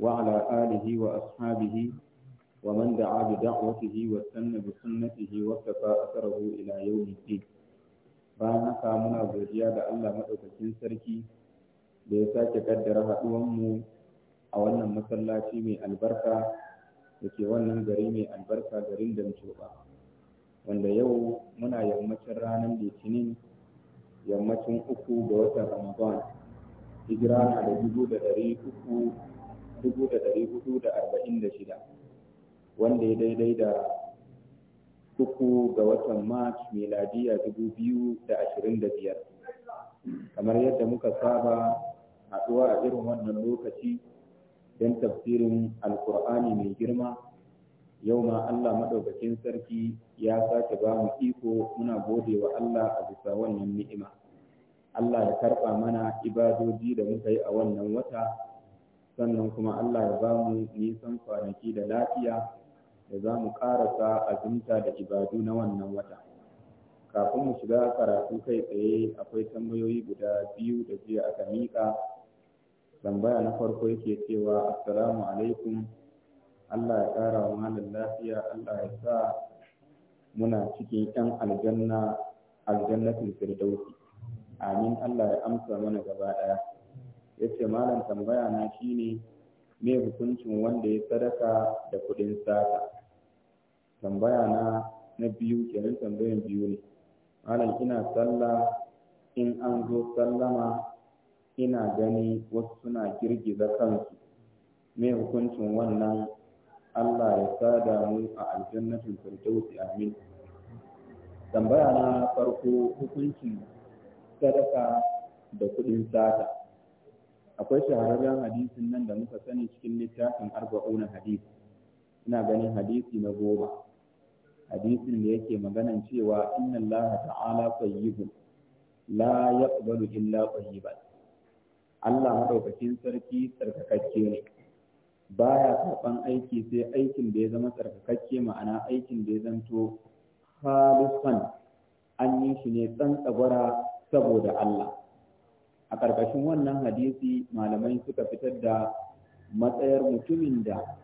وعلى آله وأصحابه ومن دعا بدعوته واستنى بسنته وكفى أثره إلى يوم الدين bayan haka muna godiya da Allah maɗaukakin sarki da ya sake kaddara haɗuwanmu a wannan masallaci mai albarka da ke wannan gari mai albarka garin Damcoba wanda yau muna yammacin ranar litinin yammacin uku ga watan Ramadan hijira na da dubu da ɗari uku shida, wanda ya daidai da uku ga watan March miladiya biyar. kamar yadda muka saba haɗuwa a irin wannan lokaci don tafsirin alkur'ani mai girma yau ma Allah maɗaukakin sarki ya sake ba mu iko muna gode wa Allah a bisa wannan ni'ima Allah ya karɓa mana ibadoji da muka yi a wannan wata sannan kuma Allah ya ba mu nisan kwanaki da lafiya da za mu ƙarasa azumta da ibadu na wannan wata. Kafin mu shiga karatu kai tsaye akwai tambayoyi guda biyu da jiya aka miƙa. Tambaya na farko yake cewa Assalamu alaikum Allah ya ƙara wa mahalin lafiya Allah ya sa muna cikin 'yan aljanna aljannatin firdausi. Amin Allah ya amsa mana gaba ɗaya. yace malam tambaya na shine me hukuncin wanda ya sadaka da kuɗin sata tambaya na na biyu kenan tambayan biyu ne malam ina sallah in an zo sallama ina gani wasu suna girgiza kansu me hukuncin wannan Allah ya sa da mu a aljannatin firdausi amin tambaya na farko hukuncin sadaka da kuɗin sata akwai shahararren hadisin nan da muka sani cikin littafin arba'una hadisi ina ganin hadisi na goma hadisin da yake maganan cewa inna allaha ta'ala tayyibun la yaqbalu illa tayyiban Allah madaukakin sarki tsarkakakke ne baya karban aiki sai aikin da ya zama tsarkakakke ma'ana aikin da ya zanto halisan an yi shi ne tsantsagwara saboda Allah a ƙarƙashin wannan hadisi malamai suka fitar da matsayar mutumin da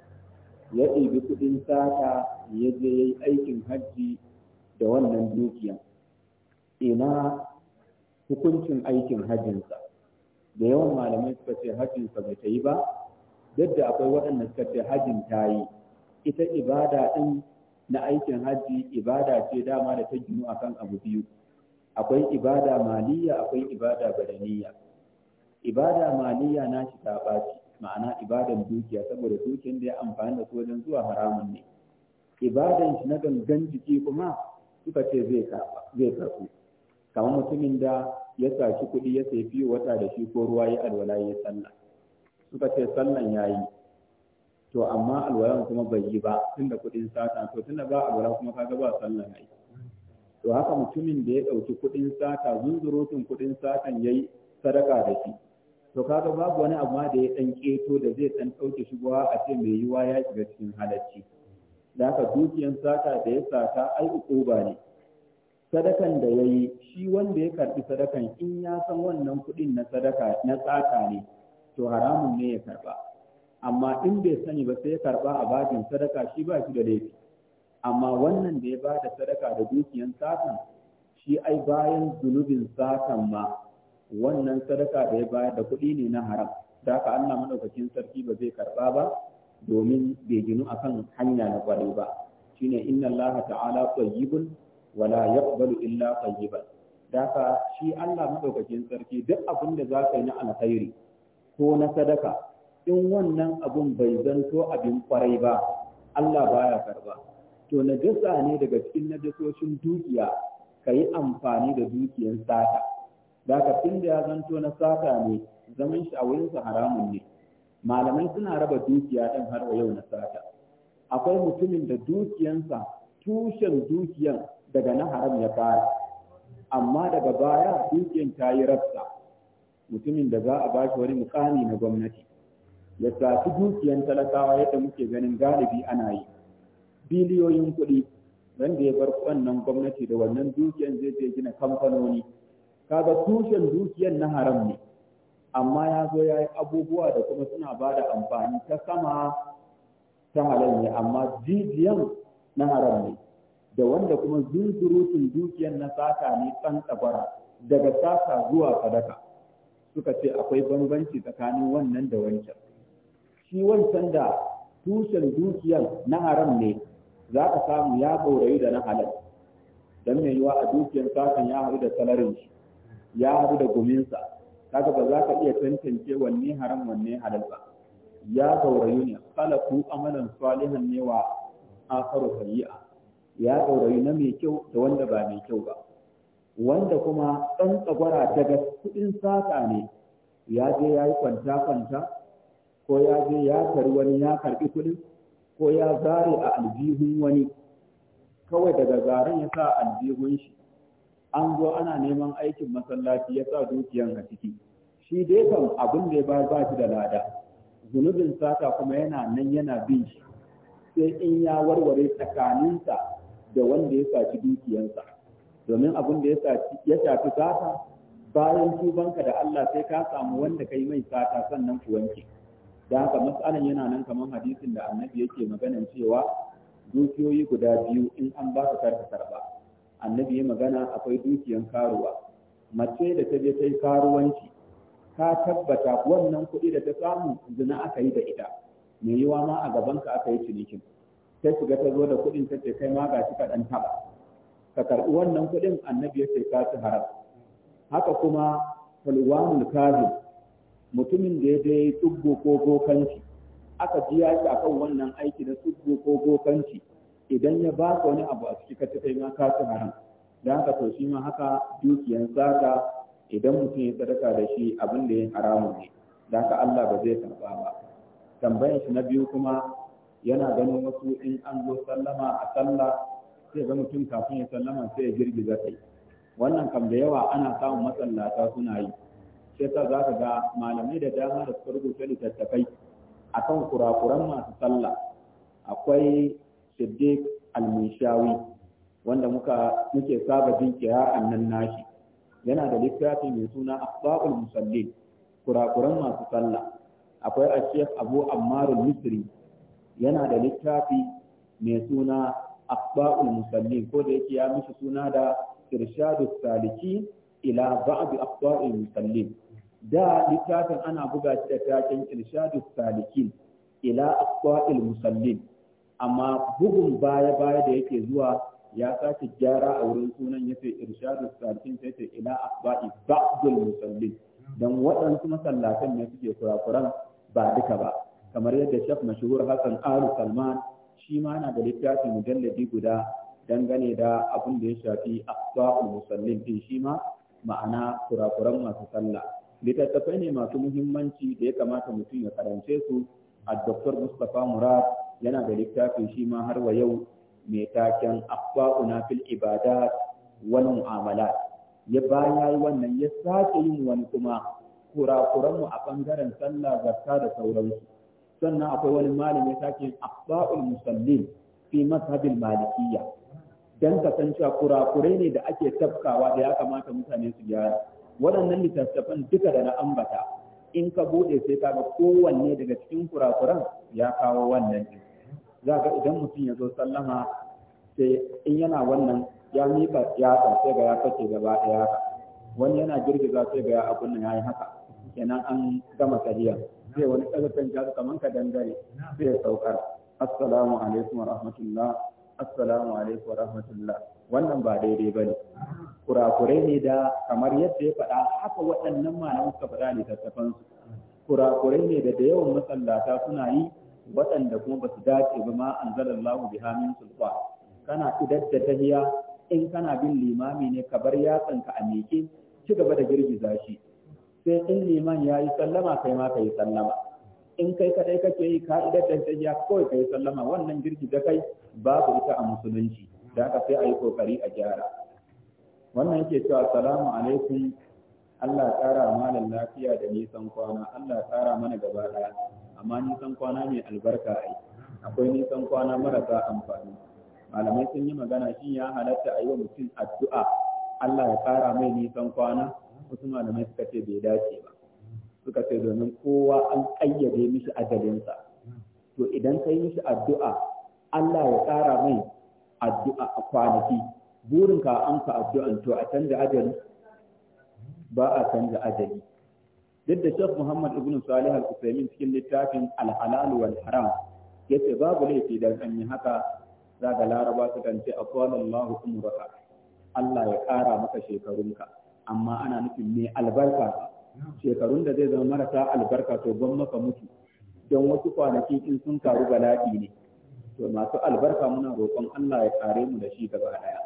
ya ɗibi kuɗin sata ya je ya yi aikin hajji da wannan dukiya ina hukuncin aikin hajjinsa da yawan malamai suka ce hajjinsa bai ta yi ba duk da akwai waɗanda suka ce hajjin ta yi ita ibada ɗin na aikin hajji ibada ce dama da ta ginu akan abu biyu akwai ibada maliyya, akwai ibada badaniya ibada maliyya na shi ta baci ma'ana ibadan dukiya saboda dukiyar da ya amfani da su wajen zuwa haramun ne ibadan shi na gangan jiki kuma suka ce zai karɓu kamar mutumin da ya saki kuɗi ya sai fiye wata da shi ko ruwa ya alwala ya sallah suka ce sallan ya yi to amma alwalan kuma bai yi ba tunda kuɗin sata to tunda ba alwala kuma kaga ba sallan ya yi to haka mutumin da ya ɗauki kuɗin sata zunzurutun kuɗin satan ya yi sadaka da shi to kaga babu wani abu da ya ɗan ƙeto da zai ɗan ɗauke shigowa a ce mai yiwuwa ya shiga cikin halacci da haka dukiyan sata da ya sata ai ba ne sadakan da ya yi shi wanda ya karɓi sadakan in ya san wannan kuɗin na sadaka na tsaka ne to haramun ne ya karɓa amma in bai sani ba sai ya karɓa a bajin sadaka shi ba shi da laifi amma wannan da ya ba da sadaka da dukiyan satan shi ai bayan zunubin satan ma wannan sadaka da ya bayar da kuɗi ne na haram da haka Allah madaukakin sarki ba zai karɓa ba domin bai ginu akan hanya na kwarai ba shine inna Allah ta'ala tayyibun wala yaqbalu illa tayyiban da haka shi Allah madaukakin sarki duk abin da za ka yi na alkhairi ko na sadaka in wannan abun bai zanto abin kwarai ba Allah baya karɓa. to najasa ne daga cikin najasoshin dukiya ka yi amfani da dukiyar sata da ka da ya zanto na sata ne zaman shi a wurinsa haramun ne malamai suna raba dukiya ɗin har wa yau na sata akwai mutumin da dukiyansa tushen dukiyan daga na haram ya fara amma daga baya dukiyan ta yi rafsa mutumin da za a ba shi wani mukami na gwamnati ya saci dukiyan talakawa yadda muke ganin galibi ana yi biliyoyin kuɗi wanda da ya bar wannan gwamnati da wannan dukiyan zai je gina kamfanoni kaga tushen dukiyan na haram ne amma ya zo ya yi abubuwa da kuma suna ba da amfani ta sama ta halal ne amma jijiyan na haram ne da wanda kuma zunzurutun dukiyan na sata ne ɗan tsabara daga sata zuwa sadaka suka ce akwai bambanci tsakanin wannan da wancan shi wancan da tushen dukiyan na haram ne za ka samu ya tsorayi da na halal don mai yiwa a dukiyar sakan ya haɗu da salarin shi ya haɗu da guminsa kaga ba za ka iya tantance wanne haram wanne halal ba ya tsorayi ne khalaku amalan salihan ne wa akharu sayyi'a ya tsorayi na mai kyau da wanda ba mai kyau ba wanda kuma ɗan tsagwara daga kuɗin sata ne ya je ya yi kwanta-kwanta ko ya je ya karɓi wani ya karɓi kuɗin ko ya zare a aljihun wani kawai daga zaren ya sa aljihun shi an zo ana neman aikin masallaci ya sa dukiyan a ciki shi dai kan abin da ya ba shi da lada zunubin sata kuma yana nan yana bin shi sai in ya warware tsakaninsa da wanda ya saci dukiyansa domin abin da ya shafi sata bayan tubanka da Allah sai ka samu wanda kai mai sata sannan ku wanke da haka matsalan yana nan kamar hadisin da annabi yake maganan cewa dukiyoyi guda biyu in an ba ka karka karba annabi ya magana akwai dukiyan karuwa mace da ta je ta yi karuwanci ka tabbata wannan kuɗi da ta samu zina aka yi da ita me yiwa ma a gaban ka aka yi cinikin ta shiga ta zo da kuɗin ta ce kai ma ga cika kaɗan taɓa ka karɓi wannan kuɗin annabi ya ce ka ci haram haka kuma falwanul kazim mutumin da ya je tsubbo ko bokanci aka ji ya shi akan wannan aiki na tsubbo ko bokanci idan ya ba wani abu a ciki ka ta kai ma ka haram da haka to shi ma haka dukiyan saka idan mutum ya sadaka da shi abin da ya haramun ne da haka Allah ba zai karba ba tambayar shi na biyu kuma yana ganin wasu in an zo sallama a sallah sai ga mutum kafin ya sallama sai ya girgiza kai wannan kam da yawa ana samun masallata suna yi sai ka za ka ga malamai da dama da suka rubuta littattafai kan kurakuran masu sallah akwai siddiq al-mishawi wanda muka muke saba jin kira'an nan nashi yana da littafi mai suna akhbaul musallin kurakuran masu sallah akwai a sheikh abu ammar misri yana da littafi mai suna akhbaul musallin ko da yake ya mishi suna da irshadus saliki ila ba'd akhbaul musallin da littafin ana buga shi da taken irshadu salikin ila asqail musallin amma bugun baya baya da yake zuwa ya sake gyara a wurin sunan yace irshadu salikin sai ce ila asqail ba'dul musallin dan waɗansu masallatan ne suke kurakuran ba duka ba kamar yadda Sheikh Mashhur Hassan Alu Salman shi ma yana da littafin mujalladi guda dangane da abin da ya shafi asqail musallin din shi ma ma'ana kurakuran masu sallah littattafai ne masu muhimmanci da ya kamata mutum ya karance su a Dr. Mustapha Murad yana da littafin shi ma har wa yau mai taken na fil ibada, wani mu'amala ya baya yi wannan ya sake yin wani kuma kurakuranmu a bangaren sallah zakka da sauransu sannan akwai wani malami ya sake yin akwa'ul musallin fi mazhabil malikiyya dan kasancewa kurakurai ne da ake tafkawa da ya kamata mutane su gyara waɗannan littattafan duka da na ambata in ka buɗe sai kaga kowanne daga cikin kurakuran ya kawo wannan din za ga idan mutum ya zo sallama sai in yana wannan ya miƙa yatsa sai ga ya kace gaba ɗaya ka. wani yana girgiza sai ga ya abun nan yayi haka kenan an gama kariya sai wani tsagakan jazu kaman ka dangare sai ya saukar assalamu alaikum wa rahmatullah assalamu alaikum rahmatullah wannan ba daidai bane kurakurai ne da kamar yadda ya faɗa haka waɗannan malaman suka faɗa ne tattafan su kurakurai ne da da yawan masallata suna yi waɗanda kuma ba su dace ba ma anzalallahu biha min sulfa kana idan da tahiya in kana bin limami ne ka bar yatsanka a miƙe ci gaba da girgiza shi sai in liman ya yi sallama kai ma ka yi sallama in kai kadai kake yi ka da tahiyya kawai kai sallama wannan girki da kai babu ita a musulunci da haka sai a yi kokari a gyara wannan yake cewa assalamu alaikum Allah tsara malam lafiya da nisan kwana Allah tsara mana gaba daya amma nisan kwana ne albarka ai akwai nisan kwana marasa amfani malamai sun yi magana shin ya halatta a yi wa mutum addu'a Allah ya tsara mai nisan kwana wasu malamai suka ce bai dace ba suka ce domin kowa an ƙayyade mishi ajalinsa to idan ka yi mishi addu'a Allah ya ƙara mai addu'a a kwanaki burin ka amsa addu'an to a canza ajali ba a canza ajali duk da Shaf Muhammad ibn Salih al-Uthaymeen cikin littafin al-halal wal haram yace babu laifi dan an yi haka zaga laraba su kan ce aqwalallahu umraka Allah ya ƙara maka shekarunka amma ana nufin me albarka shekarun da zai zama marasa albarka to ban maka mutu don wasu kwanaki in sun karu bala'i ne to masu albarka muna roƙon Allah ya kare mu da shi gaba daya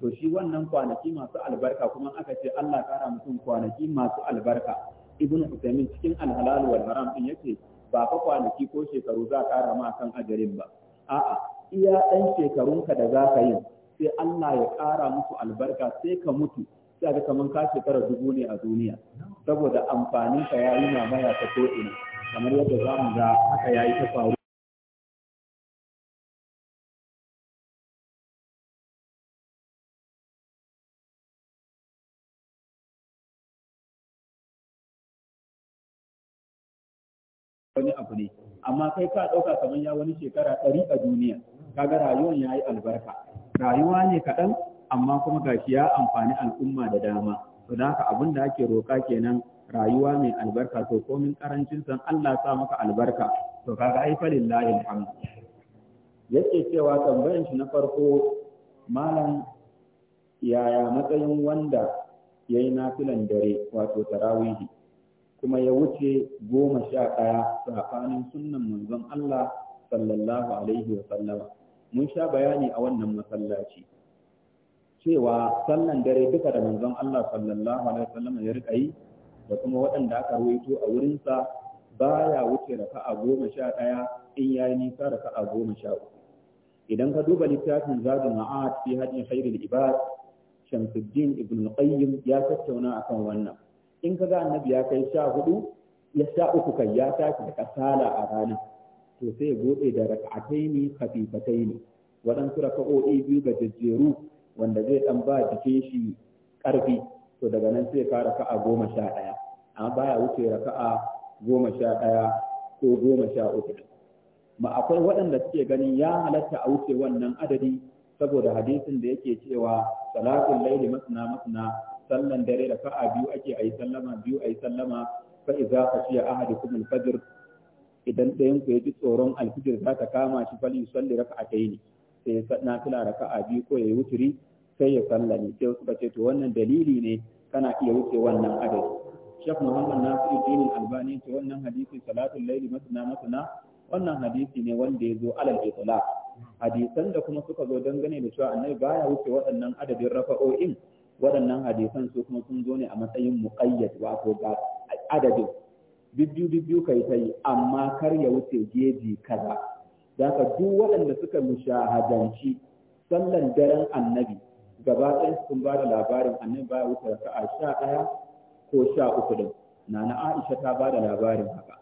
to shi wannan kwanaki masu albarka kuma aka ce Allah kara mutum kwanaki masu albarka ibnu Usaimin cikin alhalal wal haram din yake ba fa kwanaki ko shekaru za kara ma kan ajarin ba a'a iya ɗan shekarunka da za ka yi sai Allah ya kara musu albarka sai ka mutu sai ka kaman ka shekara dubu ne a duniya saboda amfanin ka yayi mamaya ta ko ina kamar yadda za mu ga haka yayi ta faru wani abu ne amma kai ka ɗauka kamar ya wani shekara ɗari a duniya kaga rayuwar ya yi albarka rayuwa ne kaɗan amma kuma gashi ya amfani al'umma da dama to da haka abin da ake roƙa kenan rayuwa mai albarka to komin karancin san Allah sa maka albarka to kaga ai falillahi alhamd yake cewa tambayan shi na farko malam yaya matsayin wanda yayi nafilan dare wato tarawihi kuma ya wuce goma sha ɗaya tsakanin sunnan manzon Allah sallallahu alaihi wa sallama mun sha bayani a wannan masallaci cewa sallan dare duka da manzon Allah sallallahu alaihi wasallam ya rika yi da kuma waɗanda aka ruwaito a wurinsa baya wuce raka'a goma sha ɗaya in yayi nisa raka'a goma sha uku idan ka duba littafin zadun ma'ad fi hadin khairul ibad Shamsuddin Ibn Qayyim ya tattauna akan wannan in ka ga annabi ya kai sha hudu ya sha uku kai ya tashi da kasala a rana to sai ya bude da ne kafifatai ne waɗansu raka'o'i biyu ga jajjeru wanda zai dan ba jikin shi karfi to daga nan sai ka raka'a goma sha ɗaya amma baya wuce raka'a goma sha ɗaya ko goma sha uku ma akwai waɗanda suke ganin ya halatta a wuce wannan adadi saboda hadisin da yake cewa salatul laili masna masna sallan dare da ka'a biyu ake ayi sallama biyu ayi sallama fa idza khashiya ahadukum al-fajr idan ɗayan ku ji tsoron alfijir za ta kama shi fali yusalli raka'ataini sai ya nafila raka'a biyu ko yayi wuturi sai ya sallame sai suka ce to wannan dalili ne kana iya wuce wannan adadi Sheikh Muhammad Nasir Dinin Albani ce wannan hadisi salatul laili masna masna wannan hadisi ne wanda ya zo alal isla hadisan da kuma suka zo dangane da cewa annabi baya wuce waɗannan adadin rafa'o'in waɗannan hadisan su kuma sun zo ne a matsayin muqayyad wato ga adadin bibbiyu bibbiyu kai tai amma kar ya wuce geji kaza daga duk waɗanda suka mushahadanci sallan daren annabi gaba ɗaya sun ba da labarin annabi baya wuce raka'a sha ɗaya ko sha uku na nana Aisha ta ba da labarin haka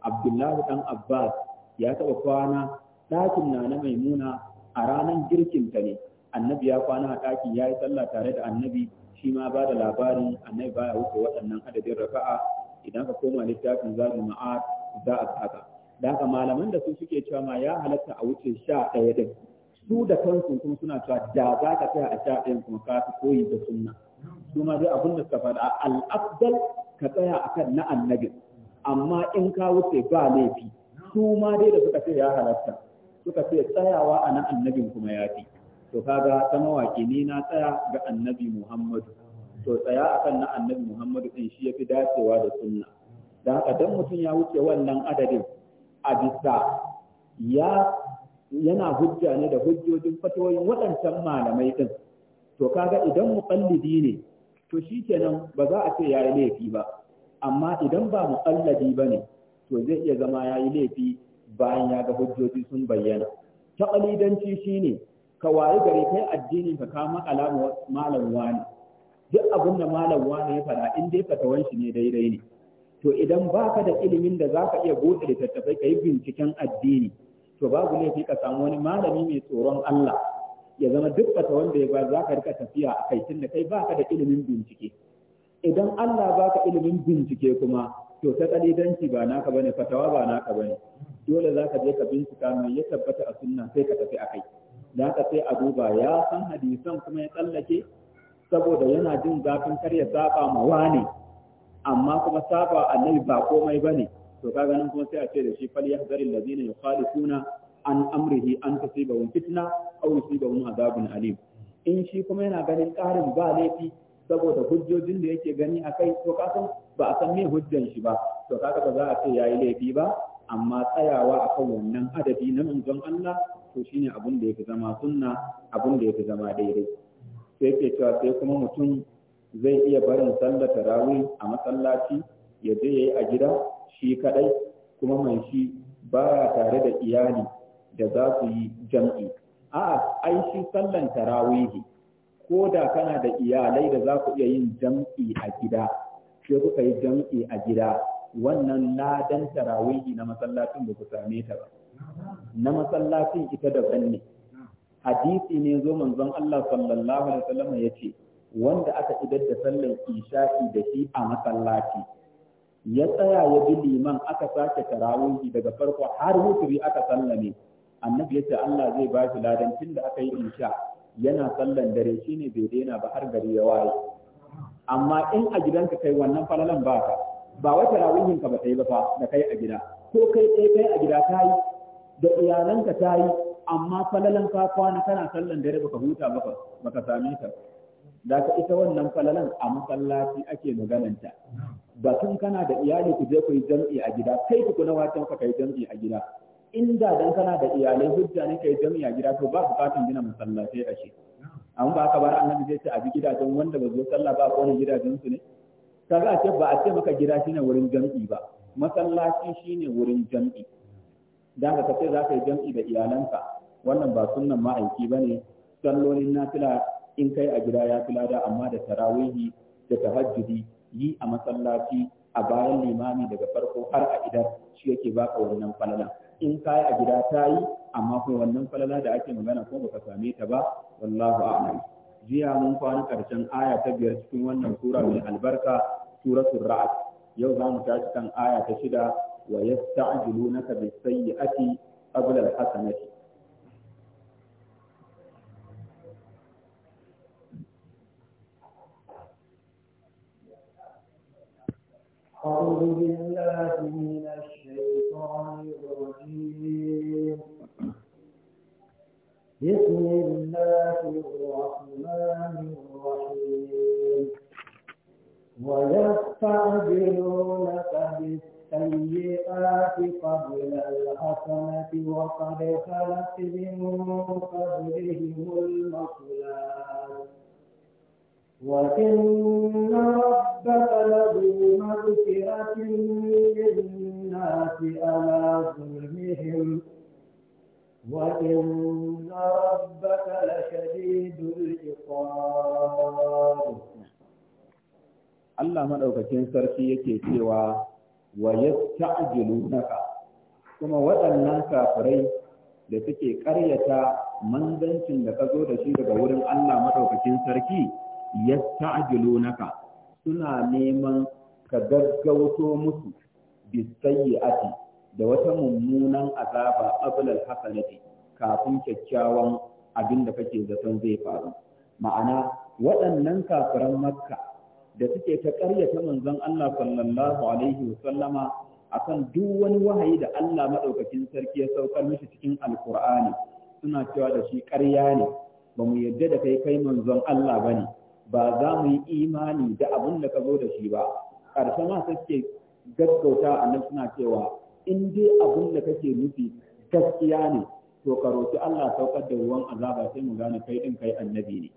Abdullahi ɗan Abbas ya taɓa kwana ɗakin nana Maimuna a ranar girkin ta ne annabi ya kwana a ɗakin ya yi sallah tare da annabi shi ma ba da labarin annabi baya wuce waɗannan adadin raka'a idan ka koma littafin zabi ma'a za a haka Daga malaman da su suke cewa ma ya halatta a wuce sha ɗaya din su da kansu kuma suna cewa da za ka tsaya a sha kuma ka fi koyi da sunna su ma dai abin da suka faɗa al'afdal ka tsaya a kan na annabi amma in ka wuce ba laifi su ma dai da suka ce ya halatta suka ce tsayawa a na annabin kuma ya fi to kaga ta mawaƙi ni na tsaya ga annabi Muhammadu to tsaya a kan na annabi Muhammadu ɗin shi ya fi dacewa da sunna Da haka don mutum ya wuce wannan adadin a bisa ya yana hujja ne da hujjojin fatoyin waɗancan malamai ɗin. to kaga idan muƙallidi ne to shi kenan ba za a ce ya yi laifi ba amma idan ba ba ne, to zai iya zama ya yi laifi bayan ya ga hujjoji sun bayyana shi ne. ka waye gare kai addini ka kama alama malam wani duk abin da malam wani ya faɗa in dai fatawan shi ne daidai ne to idan baka da ilimin da za ka iya buɗe littattafai ka yi binciken addini to babu laifi ka samu wani malami mai tsoron Allah ya zama duk ta wanda ya ba za ka rika tafiya a kai tunda kai baka da ilimin bincike idan Allah baka ilimin bincike kuma to ta kalidanci ba naka bane fatawa ba naka bane dole za ka je ka bincika mai ya tabbata a sunna sai ka tafi a kai da ka sai a duba ya san hadisan kuma ya tsallake saboda yana jin zafin kar ya saba ma wani amma kuma saba annabi ba komai bane to ka ganin kuma sai a ce da shi fal yahzaril ladina suna an amrihi an tusibahum fitna aw yusibahum azabin alim in shi kuma yana ganin ƙarin ba laifi saboda hujjojin da yake gani a kai to kasan ba a san me hujjan shi ba to ka ba za a ce yayi laifi ba amma tsayawa akan wannan adadi na manzon Allah to shine abin da yake zama sunna abun da yake zama daidai sai yake cewa sai kuma mutum zai iya barin sallar tarawih a masallaci ya je yayi a gida shi kadai kuma mai shi ba tare da iyali da za su yi jam'i a'a ai shi sallan tarawihi ko da kana da iyalai da za ku iya yin jam'i a gida sai kuka yi jam'i a gida wannan ladan tarawihi na masallacin ba ku same ta ba na masallacin ita daban ne hadisi ne zo manzon Allah sallallahu alaihi wasallam ya ce wanda aka idar da sallar isha'i da shi a masallaci ya tsaya ya bi liman aka sake tarawihi daga farko har wuturi aka sallame annabi yace Allah zai ba shi ladan tunda aka yi insha yana sallan dare shine bai daina ba har gari ya waye amma in a gidanka kai wannan falalan ba ka ba wai tarawihin ka ba sai ba da kai a gida ko kai dai kai a gida kai da iyalanka yi, amma falalan ka kwana kana sallan dare baka huta ba baka same ta da ita wannan falalan a masallaci ake magananta batun kana da iyali ku je ku yi jam'i a gida kai ku kuna watan ka kai jam'i a gida inda dan kana da iyalai hujja ne kai jam'i a gida to ba bukatun gina masallatai a shi amma ba ka bar annabi zai ce a bi gidajen wanda ba zo sallah ba ko gidajen su ne kaga a ce ba a ce maka gida shine wurin jam'i ba masallaci shine wurin jam'i dan ka ce za ka yi jam'i da iyalanka wannan ba sunnan ma'aiki bane sallolin nafila in kai a gida ya fi lada amma da tarawihi da tahajjudi yi a masallaci a bayan limami daga farko har a idan shi yake baka wannan falala in ka a gida ta yi amma kuma wannan falala da ake magana ko baka same ta ba wallahu a'lam jiya mun kwana karshen aya ta biyar cikin wannan sura mai albarka suratul ra'd yau za mu tashi kan aya ta shida wa yasta'jilunaka bis sayyi'ati qabla al-hasanati أعوذ بالله من الشيطان الرجيم بسم الله الرحمن الرحيم ويستعجلونك بالسيئات قبل الحسنة وقد خلت من قبلهم المصلات وإن ربك ربك لذو للناس على ظلمهم وإن ربك لشديد العقاب Allah maɗaukakin sarki yake cewa wa naka?" kuma waɗannan kafirai da suke ƙaryata manzancin da ka zo da shi daga wurin Allah maɗaukakin sarki ya naka. suna neman ka gaggauto musu bisayyi'ati da wata mummunan azaba ablal hasanati kafin kyakkyawan abin da kake zaton zai faru ma'ana waɗannan kafiran makka da suke ta ƙaryata manzon Allah sallallahu alaihi wasallama akan duk wani wahayi da Allah madaukakin sarki ya saukar mishi cikin alkur'ani suna cewa da shi ƙarya ne ba mu yadda da kai kai manzon Allah bane ba za mu yi imani da abin da ka zo da shi ba ƙarshen ma suke gaggauta annabi suna cewa in dai abin da kake nufi gaskiya ne to ka roki Allah saukar da ruwan azaba sai mu gane kai din kai annabi ne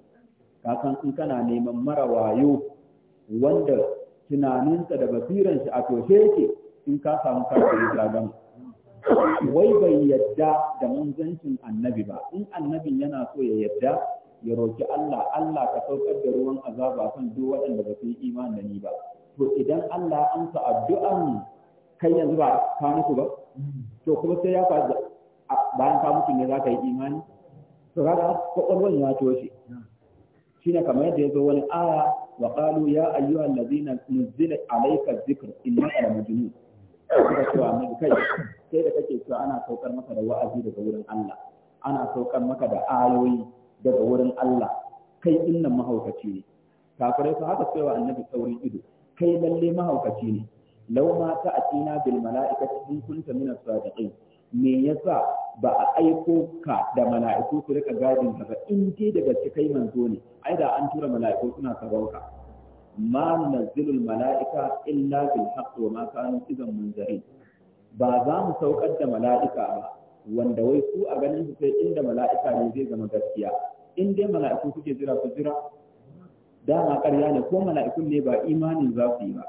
ka san in kana neman mara wayo wanda tunaninsa da basiran shi a toshe yake in ka samu karfi ya gama wai bai yadda da manzancin annabi ba in annabin yana so ya yadda ya roki Allah Allah ka saukar da ruwan azaba kan duk waɗanda ba su yi imani da ni ba to idan Allah ya amsa addu'an kai yanzu ba ka mutu ba to kuma sai ya faɗi bayan ka mutu ne za ka yi imani to kaga kwakwalwan ya toshe shine kamar yadda ya zo wani aya wa qalu ya ayyuhal ladina nuzila alayka dhikr innaka la majnun cewa mai kai sai da kake cewa ana saukar maka da wa'azi daga wurin Allah ana saukar maka da ayoyi daga wurin Allah kai innan mahaukaci ne kafirai su haka cewa annabi saurin ido kai lalle mahaukaci ne law ma atina bil mala'ikati in kunta min as-sadiqin me yasa ba a aiko ka da mala'iku su rika gadin ka ba in dai da gaske kai manzo ne ai da an tura mala'iku suna sabauka ma nazzilul mala'ika illa bil haqq wa ma kanu idan munzarin ba za mu saukar da mala'ika ba wanda wai su a ganin su sai inda mala'ika ne zai zama gaskiya in dai mala'iku suke jira su jira dama ƙarya ne ko mala'ikun ne ba imanin za su yi ba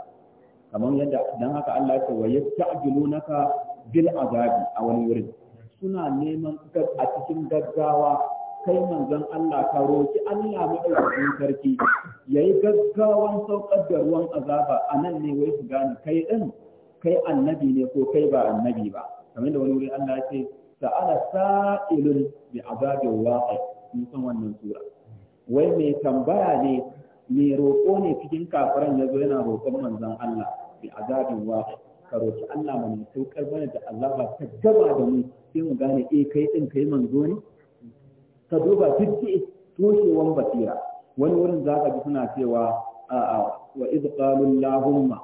kamar yadda dan haka Allah ya ce wa yasta'jilunaka bil azabi a wani wurin suna neman a cikin gaggawa kai manzon Allah ka roki Allah madaukakin sarki yayi gaggawan saukar da ruwan azaba anan ne wai su gane kai din kai annabi ne ko kai ba annabi ba kamar da wani wuri Allah ya ce ta'ala sa'ilun bi azabin waqi mun san wannan sura wai mai tambaya ne Me roƙo ne cikin kafiran ya yana roƙon manzon Allah bi azabin waqi ka roƙi Allah mai saukar mana da azaba ta gaba da mu sai mu gane eh kai din kai manzo ne ka duba fitti toshewan basira wani wurin za ka ji suna cewa A'a, wa iz qalu allahumma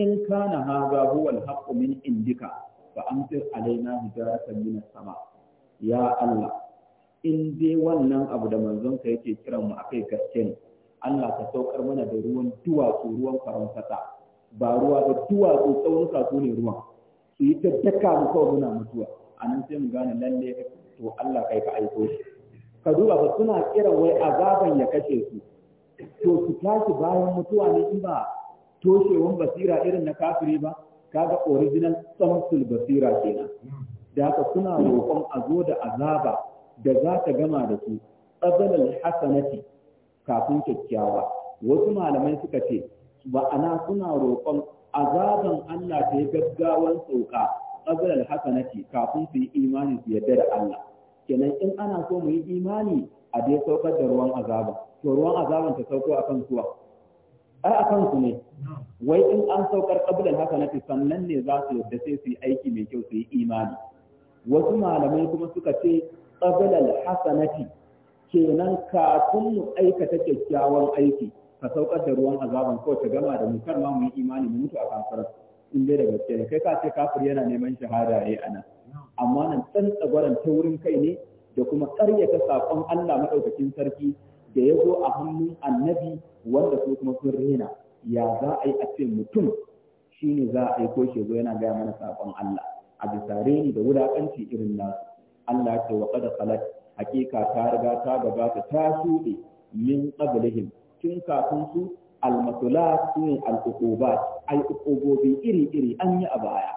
in kana hadha huwa al-haqqu min indika fa amtir alaina hijaratan min sama ya Allah in dai wannan abu da manzon ka yake kiran mu akai gaske ne Allah ka saukar mana da ruwan duwatsu ruwan faransata ba ruwa ba duwatsu tsaunuka su ne ruwan su yi ta daka mu kawai muna mutuwa a nan sai mu gane lalle to Allah kai ka aiko shi ka duba ba suna kiran wai azaban ya kashe su to su tashi bayan mutuwa ne in ba toshewan basira irin na kafiri ba kaga original samsul basira kenan da ka suna roƙon a zo da azaba da za ta gama da su tsabalal hasanati kafin kyakkyawa wasu malamai suka ce ba'ana suna roƙon azaban Allah ta yi gaggawan sauka tsabalal hasanati kafin su yi imani su yarda da Allah kenan in ana so mu yi imani a dai saukar da ruwan azaba to ruwan azaban ta sauko akan kuwa ai a kansu ne wai in an saukar kabilan haka na sannan ne za su yadda sai su yi aiki mai kyau su yi imani wasu malamai kuma suka ce qablal hasanati kenan kafin mu aikata kyakkyawan aiki ka saukar da ruwan azaban ko ta gama da mu kar ma mu yi imani mu mutu a kafarar in dai da gaske ne kai ka ce kafir yana neman shahada yayi ana amma nan tsantsa tsagwaran ta wurin kai ne da kuma karyata saƙon Allah madaukakin sarki da ya zo a hannun annabi wanda su kuma sun rena ya za a yi a ce mutum shi ne za a aiko shi zo yana gaya mana saƙon Allah a bisa reni da wulaƙanci irin nasu Allah ce wa qad khalat hakika ta riga ta gabata ta shuɗe min ƙabilihim tun kafin su almasula su ne al'ukoba ai iri iri an yi a baya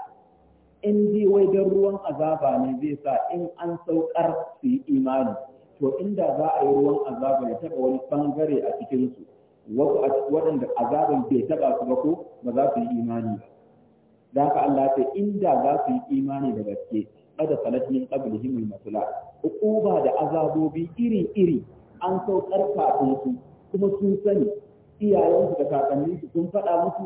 in ji wai dan ruwan azaba ne zai sa in an saukar su yi imani to inda za a yi ruwan azaba ya taba wani bangare a cikin su waɗanda azaban bai taba su ba ko ba za su yi imani ba da haka Allah ce inda za su yi imani da gaske kada falat min qablihim al-masala uquba da azabobi iri iri an saukar kafin su kuma sun sani iyayensu da su sun faɗa musu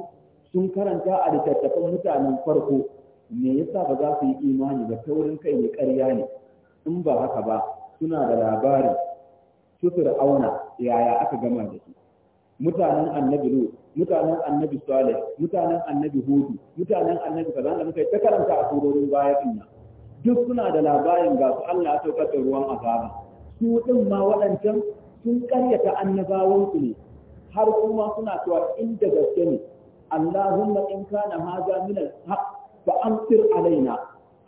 sun karanta a littattafan mutanen farko me yasa ba za su yi imani ba taurin kai ne ƙarya ne in ba haka ba suna da labari su fir'auna yaya aka gama da su mutanen annabi lu mutanen annabi salih mutanen annabi hudu mutanen annabi kaza da muka yi ta karanta a surorin baya din duk suna da labarin ga su Allah ya saukar da ruwan azaba su din ma waɗancan sun karyata annabawan su ne har kuma suna cewa inda gaske ne Allahumma in kana haza min al-haq fa amtir alaina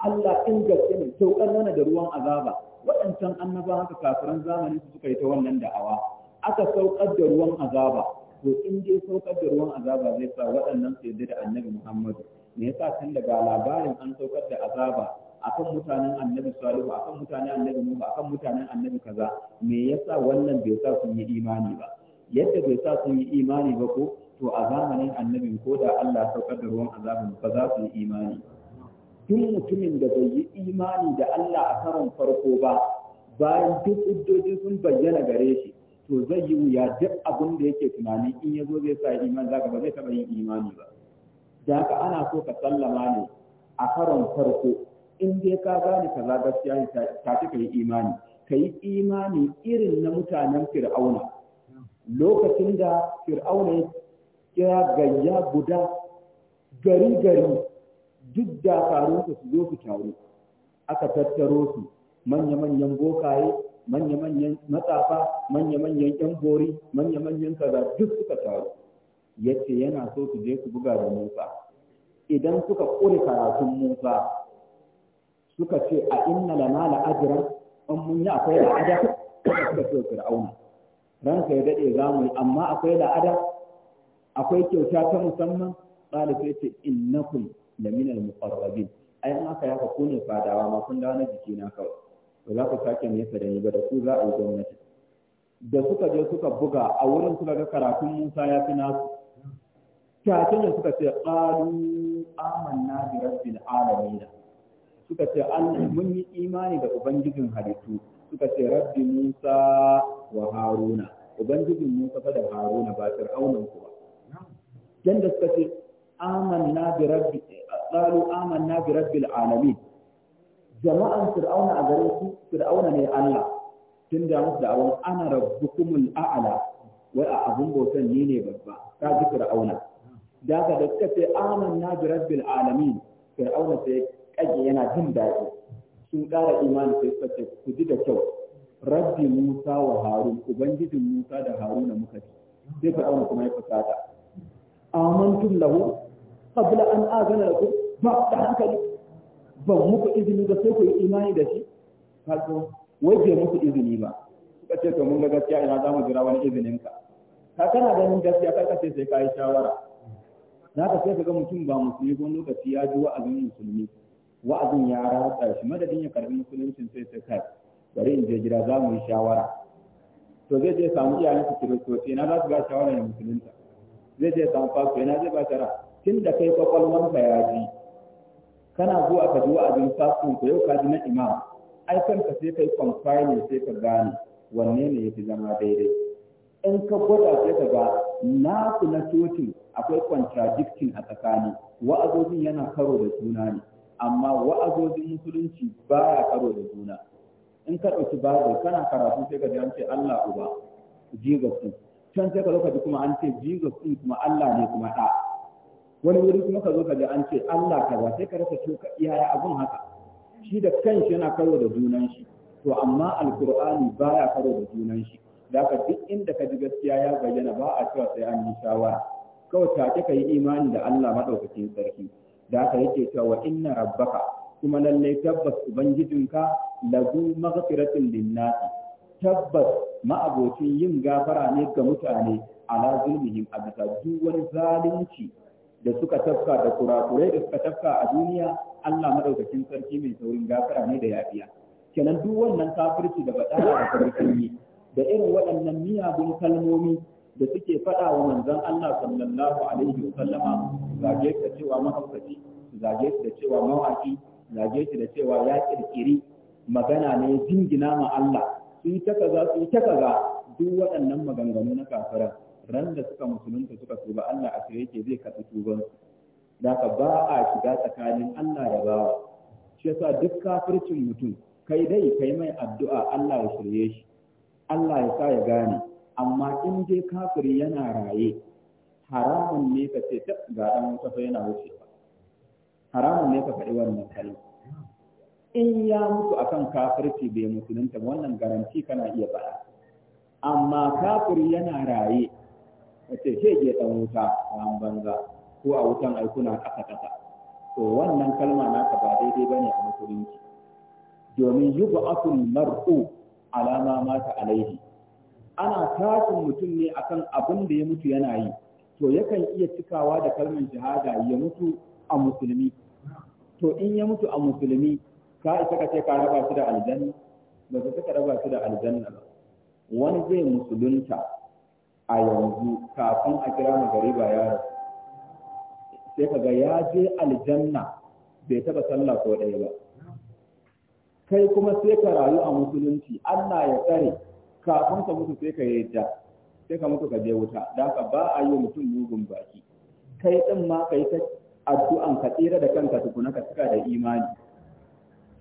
Allah in gaske ne saukar mana da ruwan azaba waɗancan annaba haka kafirin zamani su suka yi ta wannan da'awa aka saukar da ruwan azaba to in dai saukar da ruwan azaba zai sa waɗannan su yarda da annabi Muhammadu me yasa tun daga labarin an saukar da azaba akan mutanen annabi salihu akan mutanen annabi nuhu akan mutanen annabi kaza me yasa wannan bai sa sun yi imani ba yadda bai sa sun yi imani ba ko to a zamanin annabin ko da Allah saukar da ruwan azaba ba za su yi imani ba duk mutumin da bai yi imani da Allah a karon farko ba bayan duk hujjoji sun bayyana gare shi to zai yi wuya duk abin da yake tunani in ya zo zai sa imani zaka ba zai taɓa yin imani ba da haka ana so ka sallama ne a karon farko in dai ka gane kaza gaskiya ne ta ka yi imani ka yi imani irin na mutanen fir'auna lokacin da fir'auna ya kira gayya guda gari gari duk dakarunsa su zo su taru aka tattaro su manya-manyan bokaye manya-manyan matsafa manya-manyan yan bori manya-manyan kaza duk suka taru yace yana so su je su buga da musa idan suka kure karatun musa suka ce a inna lana la'ajiran an mun yi akwai la'ada ada, suka ce fir'auna ranka ya daɗe za mu yi amma akwai la'ada akwai kyauta ta musamman ɗalibai ce innakum da minal muqarrabin ai an aka yaka kunin fadawa ma kun dawo na jiki na kawai ba za ku sake fa da ni ba da ku za a yi gwamnati da suka je suka buga a wurin suka ga karatun Musa ya fi nasu kyakin da suka ce qalu amanna bi rabbil alamin suka ce an mun yi imani da ubangijin halittu suka ce rabbi Musa wa Haruna ubangijin Musa fa da Haruna ba fir'aunan ku ba dan da suka ce amanna bi rabbi qalu amanna bi rabbil alamin jama'an fir'auna a garin su fir'auna ne Allah tun da musu da'awan ana rabbukumul a'la wai a abun bautan ni ne babba ta ji fir'auna da ka da suka ce amanna bi rabbil alamin fir'auna sai kaje yana jin daɗi sun ƙara imani sai suka ce ku ji da kyau rabbi musa wa harun ubangijin musa da haruna muka ci sai fir'auna kuma ya fusata amantum lahu qabla an azana lakum ba da hankali ban muku izini ba sai ku yi imani da shi kaso waje muku izini ba suka ce to mun ga gaskiya ina za mu jira wani izinin ka ka kana ganin gaskiya ka kace sai ka yi shawara na ka sai ka ga mutum ba musulmi ko lokaci ya ji wa'azin musulmi wa'azin ya ratsa shi madadin ya karbi musuluncin sai sai kai bari in je jira za mu yi shawara to zai je samu iyayen su kiristoci na za su ba shawara ya musulunta zai je samu fasto na zai ba shara tun da kai kwakwalwanka ya ji kana zuwa ka ji wa'azin sakon ka yau ka ji na imam ai kanka sai kai kwamfani sai ka gane wanne ne yafi zama daidai in ka gwada sai ka ga naku na cocin akwai contradicting a tsakani wa'azozin yana karo da juna ne amma wa'azozin musulunci baya karo da juna in ka ɗauki bazo kana karatu sai ka ji an ce Allah uba Jesus can sai ka zo ka ji kuma an ce Jesus kuma Allah ne kuma ɗa wani wuri kuma ka zo ka ji an ce Allah kaza sai ka rasa shuka ya abun haka shi da kanshi yana karo da junan shi to amma alqur'ani baya karo da junan shi da ka duk inda ka ji gaskiya ya bayyana ba a cewa sai an yi shawara kawai take ka yi imani da Allah madaukakin sarki da ka yake cewa inna rabbaka kuma lallai tabbas ubangijinka lagu maghfiratin linnati. tabbas ma'abocin yin gafara ne ga mutane ala zulmihim a duk wani zalunci da suka tafka da kurakurai da suka tafka a duniya Allah madaukakin sarki mai saurin gafara ne da yafiya kenan duk wannan kafirci da badala da kafirci da irin waɗannan miyagun kalmomi da suke faɗa wa manzon Allah sallallahu alaihi wa sallama zage shi da cewa mahaukaci zage shi da cewa mawaki zage shi da cewa ya kirkiri magana ne jingina ma Allah sun ta kaza sun ta kaza duk waɗannan maganganu na kafirai ran da suka musulunta suka tuba Allah a kai yake zai karɓi tuban da ka ba a shiga tsakanin Allah da bawa shi yasa duk kafircin mutum kai dai kai mai addu'a Allah ya shirye shi Allah ya sa ya gane amma in je kafiri yana raye haramun ne ka ce ta ga dan wuta fa yana wucewa haramun ne ka faɗi wannan kalma in ya mutu akan kafirci bai musulunta wannan garanti kana iya faɗa amma kafiri yana raye ce ke ke ɗan wuta ɗan banza ko a wutan aikuna ƙasa ƙasa to wannan kalma naka ba daidai bane a musulunci domin yub'atul mar'u alama mata alaihi ana tashin mutum ne akan abin da ya mutu yana yi to yakan iya cikawa da kalmar shahada ya mutu a musulmi to in ya mutu a musulmi ka isa ka ce ka raba shi da aljanna ba su suka raba shi da aljanna ba wani zai musulunta a yanzu kafin a kira gari ba yaro sai kaga ya je aljanna bai taba sallah ko ɗaya ba kai kuma sai ka rayu a musulunci Allah ya tsare kafin ka mutu sai ka yadda sai ka mutu ka je wuta da ka ba a yi mutum mugun baki kai din ma ka yi ta addu'an ka tsira da kanka tukuna ka cika da imani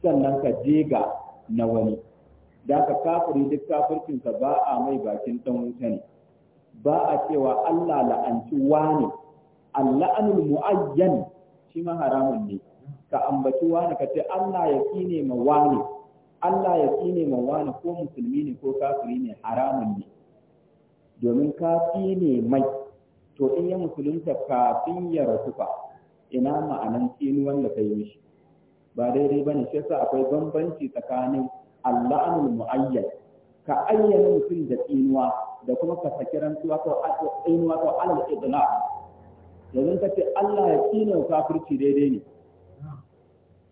sannan ka je ga na wani da ka kafiri duk kafircinsa ba a mai bakin ɗan wuta ne ba a cewa Allah la'anci wani alla'anul mu'ayyan shi ma haramun ne ka ambaci wani ka ce Allah ya ma wani Allah ya tsine ma wani ko musulmi ne ko kafiri ne haramun ne domin ka ne mai to in ya musulunta kafin ya rasu fa ina ma'anan tsinuwan da kai mishi ba daidai bane shi sa akwai bambanci tsakanin alla'anul mu'ayyan ka ayyana mutum da tsinuwa da kuma ka saki rantsuwa ko inuwa ko alal idna yanzu ka ce Allah ya tsine kafirci daidai ne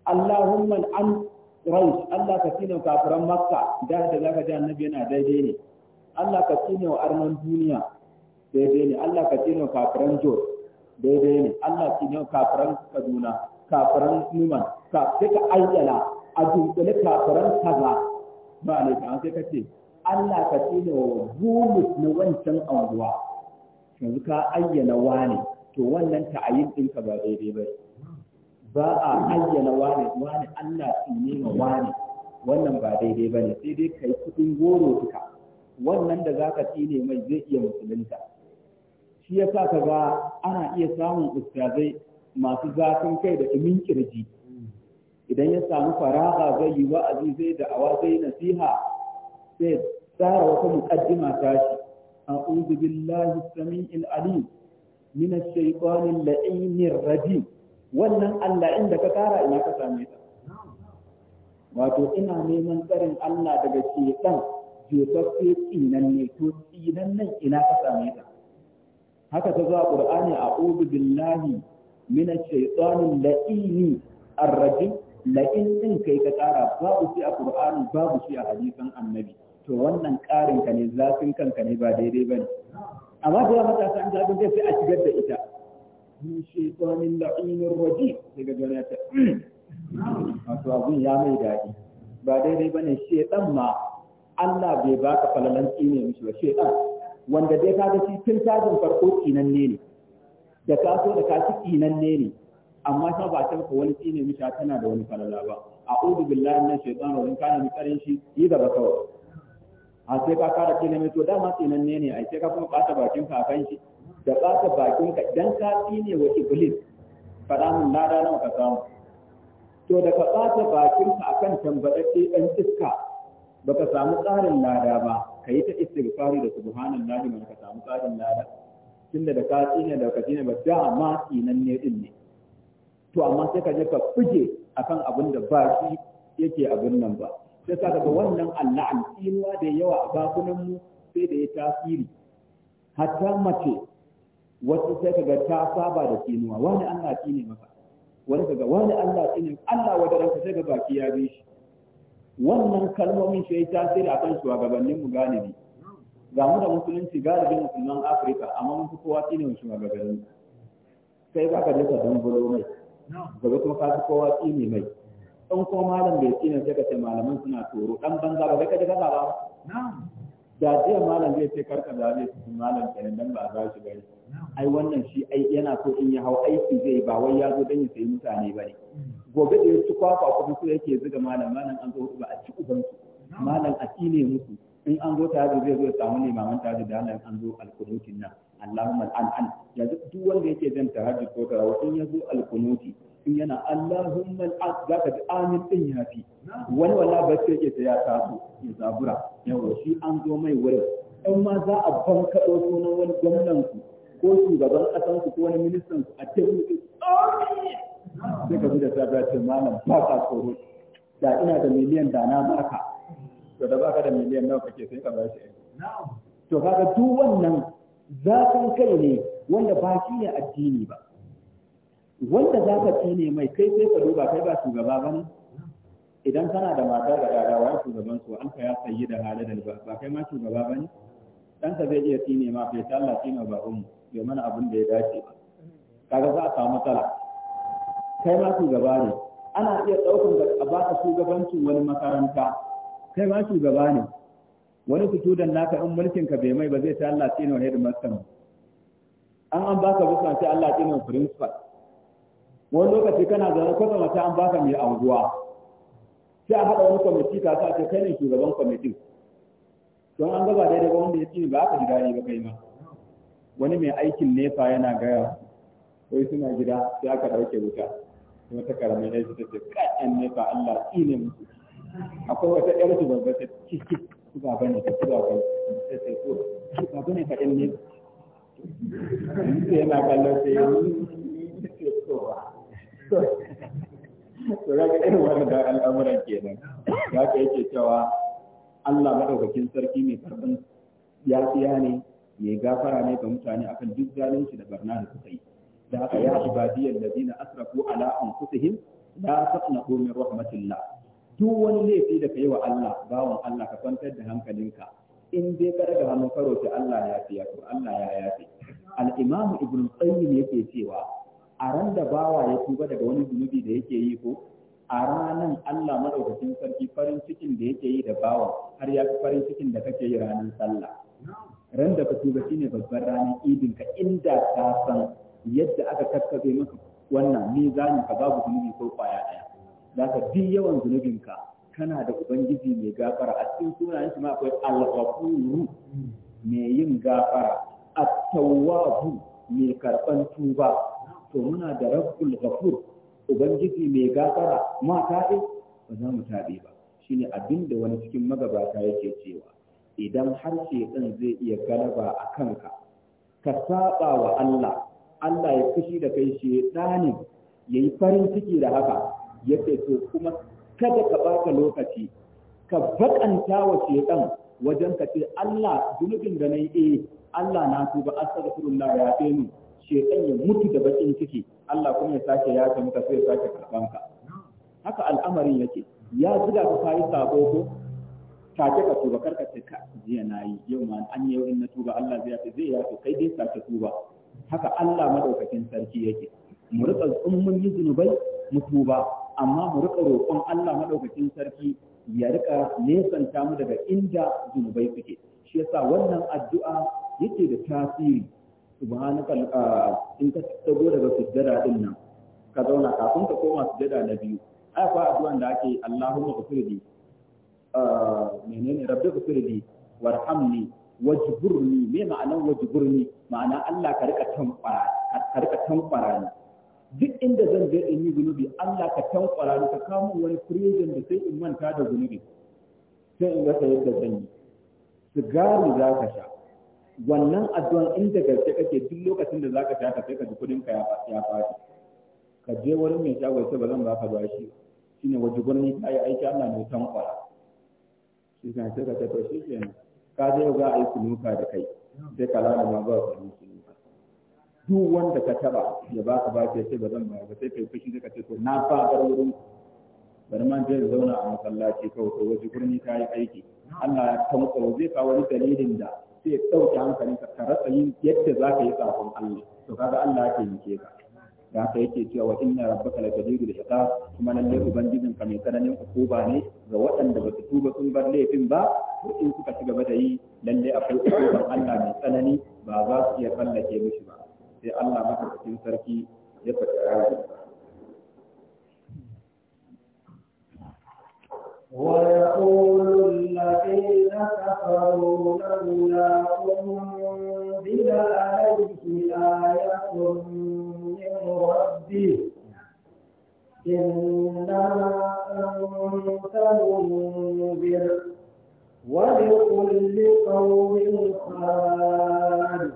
Allahumma an raush Allah ka kina kafiran Makka da da zaka ji annabi yana daidai ne Allah ka kina wa arman duniya daidai ne Allah ka kina kafiran jo daidai ne Allah kina kafiran Kaduna kafiran Numan ka sai ka ayyana a dunkule kafiran kaza ba ne ka sai ka ce Allah ka tsine wa gumus na wancan anguwa yanzu ka ayyana wane to wannan ta'ayin ɗinka ba daidai ba ba a ayyana wane wane Allah ne ma wane wannan ba daidai ba ne sai dai ka yi kuɗin goro duka wannan da za ka tsine mai zai iya musulunta shi ya sa ka ga ana iya samun ustazai masu zafin kai da imin kirji idan ya samu faraha zai yi wa'azi zai da awa zai nasiha sai tsara wata muqaddima ta shi a'udhu billahi samii'il alim min ash-shaytanil la'inir rajim wannan Allah inda ka tsara ina ka same ta wato ina neman tsarin Allah daga shedan jefaffe tsinan ne to tsinan nan ina ka same ta haka ta zuwa a qur'ani a'udhu billahi min ash-shaytanil la'ini ar-rajim la'in din kai ka tsara babu shi a qur'ani babu shi a hadisan annabi to wannan ƙarin ka ne zafin kanka ne ba daidai ba ne amma da matasa an abin zai sai a shigar da ita min shaitanin la'inin raji sai ga jona ta wato abin ya mai daɗi ba daidai ba ne shaitan ma Allah bai baka falalan tsine mishi ba shaitan wanda dai ka ga shi tun tajin farko kinan ne ne, da ka so da ka ci kinan ne amma ta ba ta ka wani tsine mishi tana da wani falala ba a'udhu billahi minash shaitani rajim kana mi karin shi yi gaba kawai a sai ka fara ce mai to dama tsinanne ne a sai ka kuma bata bakin ka kan shi da bata bakin ka dan ka tsine wa iblis fara mun lada nawa ka samu to da ka bata bakin ka akan tambadacce dan iska baka samu tsarin lada ba ka ta istighfari da subhanallahi man ka samu tsarin lada tunda da ka tsine da ka tsine ba dama ne din ne to amma sai ka je ka fije akan abin da ba shi yake abin nan ba sai sa daga wannan Allah tsinuwa da yawa a bakunan mu sai da ya tasiri hatta mace wasu sai kaga ta saba da tsinuwa wani Allah ne maka wani kaga wani Allah ne Allah wanda ranka sai ga baki ya bi shi wannan kalmomin shi ya tasiri akan gabanin mu galibi ga mu da musulunci galibi musulman Afirka amma mun fi kowa tsine mu shugabanni sai ba ka je dan bulo mai gaba kuma ka fi kowa ne mai Ɗan kuma malam bai ne sai ka ce malaman suna tsoro Ɗan banza ba kai ka kaza ba na da jiya malam zai ce karka zai su malam kenan dan ba za shi bane ai wannan shi ai yana so in ya hau aiki zai ba wai ya zo dan ya sayi mutane bane gobe da ya ci kwakwa kuma su yake zuga malam malam an zo ba a ci uban su malam a ne musu in an zo tare zai zo ya samu limaman tare da Allah an zo alkunutin nan Allahumma al'an yanzu duk wanda yake zan tahajjud ko tarawih in ya zo alkunuti in yana Allahumma al'ad za ka ji amin din ya fi wani wala ba sai ke ta ya taso ya zabura yawa shi an zo mai wurin in ma za a ban kaɗo sunan wani gwamnan ku ko shugaban ƙasan ku ko wani ministan ku a ce muku sai ka da safiya ce malam ba ka tsoro da ina da miliyan da na baka to da baka da miliyan nawa kake sai ka ba shi to kaga duk wannan zafin kai ne wanda ba shi ne addini ba wanda za ka tsine mai kai sai ka duba kai ba shugaba ba ne idan kana da mata da yara wa shugaban su an ka ya sayi da hada da ba ba kai ma shugaba ba ne dan ka zai iya tsine ma kai ta Allah tsine ba mu bai mana abin da ya dace ba kaga za a samu matsala kai ma shugaba ne ana iya ɗaukar da a baka shugabancin wani makaranta kai ma shugaba ne wani da naka in mulkin ka bai mai ba zai ta Allah tsine wa headmaster an an baka bisa sai Allah tsine wa principal wani lokaci kana zaune kwata mata an baka mai anguwa sai a haɗa wani kwamiti ka sa ce kai ne shugaban kwamitin don an gaba daidai ba wanda ya ci ba aka ji daɗi ba kai ma wani mai aikin nefa yana gaya wai suna gida sai aka ɗauke wuta kuma ta karamar yanzu ta ce kaɗan nefa Allah ne musu akwai wata ƴar su babba ta ciki kuka bane ta kuka bane ta ce ko kuka bane ka ɗan nefa yana kallon sai ya ce ko ba to ga irin wannan al'amuran kenan ya ka yake cewa Allah madaukakin sarki mai karban yafiya ne mai gafara ne ga mutane akan duk zalunci da barna da suka yi da haka ya da ladina asrafu ala anfusihim la taqnatu min rahmatillah duk wani laifi da kai wa Allah bawon Allah ka kwantar da hankalinka in dai ka daga hannun karo ta Allah ya fiya to Allah ya yafe. al-imamu ibn qayyim yake cewa a ran da bawa ya tuba daga wani zunubi da yake yi ko a ranan Allah madaukakin sarki farin cikin da yake yi da bawa har ya fi farin cikin da kake yi ranar sallah ran da ka tuba shine babban ranar idin ka inda ka san yadda aka kakkabe maka wannan mizanin ka babu zunubi ko kwaya daya zaka bi yawan zunubin ka kana da ubangiji mai gafara a cikin sunan shi ma akwai al mai yin gafara at tawwab mai karban tuba to muna da rabbul ghafur ubangiji mai gafara ma tabe ba za mu tabe ba shine abin da wani cikin magabata yake cewa idan har shedan zai iya galaba a kanka ka saba wa Allah Allah ya fushi da kai shedanin yayi farin ciki da haka yace to kuma kada ka baka lokaci ka bakanta wa shedan wajen ka ce Allah dubin da nayi eh Allah na tuba astaghfirullah ya ni shekan ya mutu da bakin ciki Allah kuma ya sake ya ka maka sai ya sake karban ka haka al'amarin yake ya zuga ka kai sabo ko take ka tuba karka ce ka jiya nayi yau ma an yi in na tuba Allah zai ce zai ya yafi kai dai sake tuba haka Allah madaukakin sarki yake mu rika in yin zunubai mu tuba amma mu rika roƙon Allah madaukakin sarki ya rika nesanta mu daga inda zunubai suke shi yasa wannan addu'a yake da tasiri subhanaka ah, in ka tago daga sujjada din nan ka zauna kafin ka koma sujjada na biyu ai akwai addu'an da ake Allahumma ghfirli ah, menene rabbi ghfirli warhamni wajburni me ma'anan wajburni ma'ana Allah ka rika tankwara ka rika tankwara ni duk inda zan je in yi zunubi Allah ka tankwara ni ka kawo wani prison da sai in manta da zunubi sai in rasa yadda zan yi sigari za ka sha wannan addu'an inda gaske kake duk lokacin da zaka sha ka sai ka ji kudin ka ya faɗi ka je wurin mai shago sai ba zan ka bashi shine waje gurin ai aiki Allah ne tankwara shi kan sai ka tafi to shi kenan ka je ga ai kunuka da kai sai ka lana ma ba ka kunuka duk wanda ka taba ya baka bashi sai ba zan ba sai kai fushi sai ka ce to na fa bar wurin bari man je zauna a masallaci kawai to waje gurin ka yi aiki Allah ya tankwara zai kawo dalilin da sai ɗauke hankalin ka rasa yin yadda za ka yi tsafin Allah to kaga Allah yake yake ka da haka yake cewa inna rabbaka lakadidul hita kuma ne ubangijin ka mai tsananin hukuma ne ga waɗanda ba su tuba sun bar laifin ba ko in suka ci gaba da yi lalle akwai hukumar Allah mai tsanani ba za su iya tsallake mishi ba sai Allah madaukakin sarki ya faɗi ayar ويقول كفروا لولا أنزل عليه آية من ربه إنما أنت منذر ولكل قوم خالد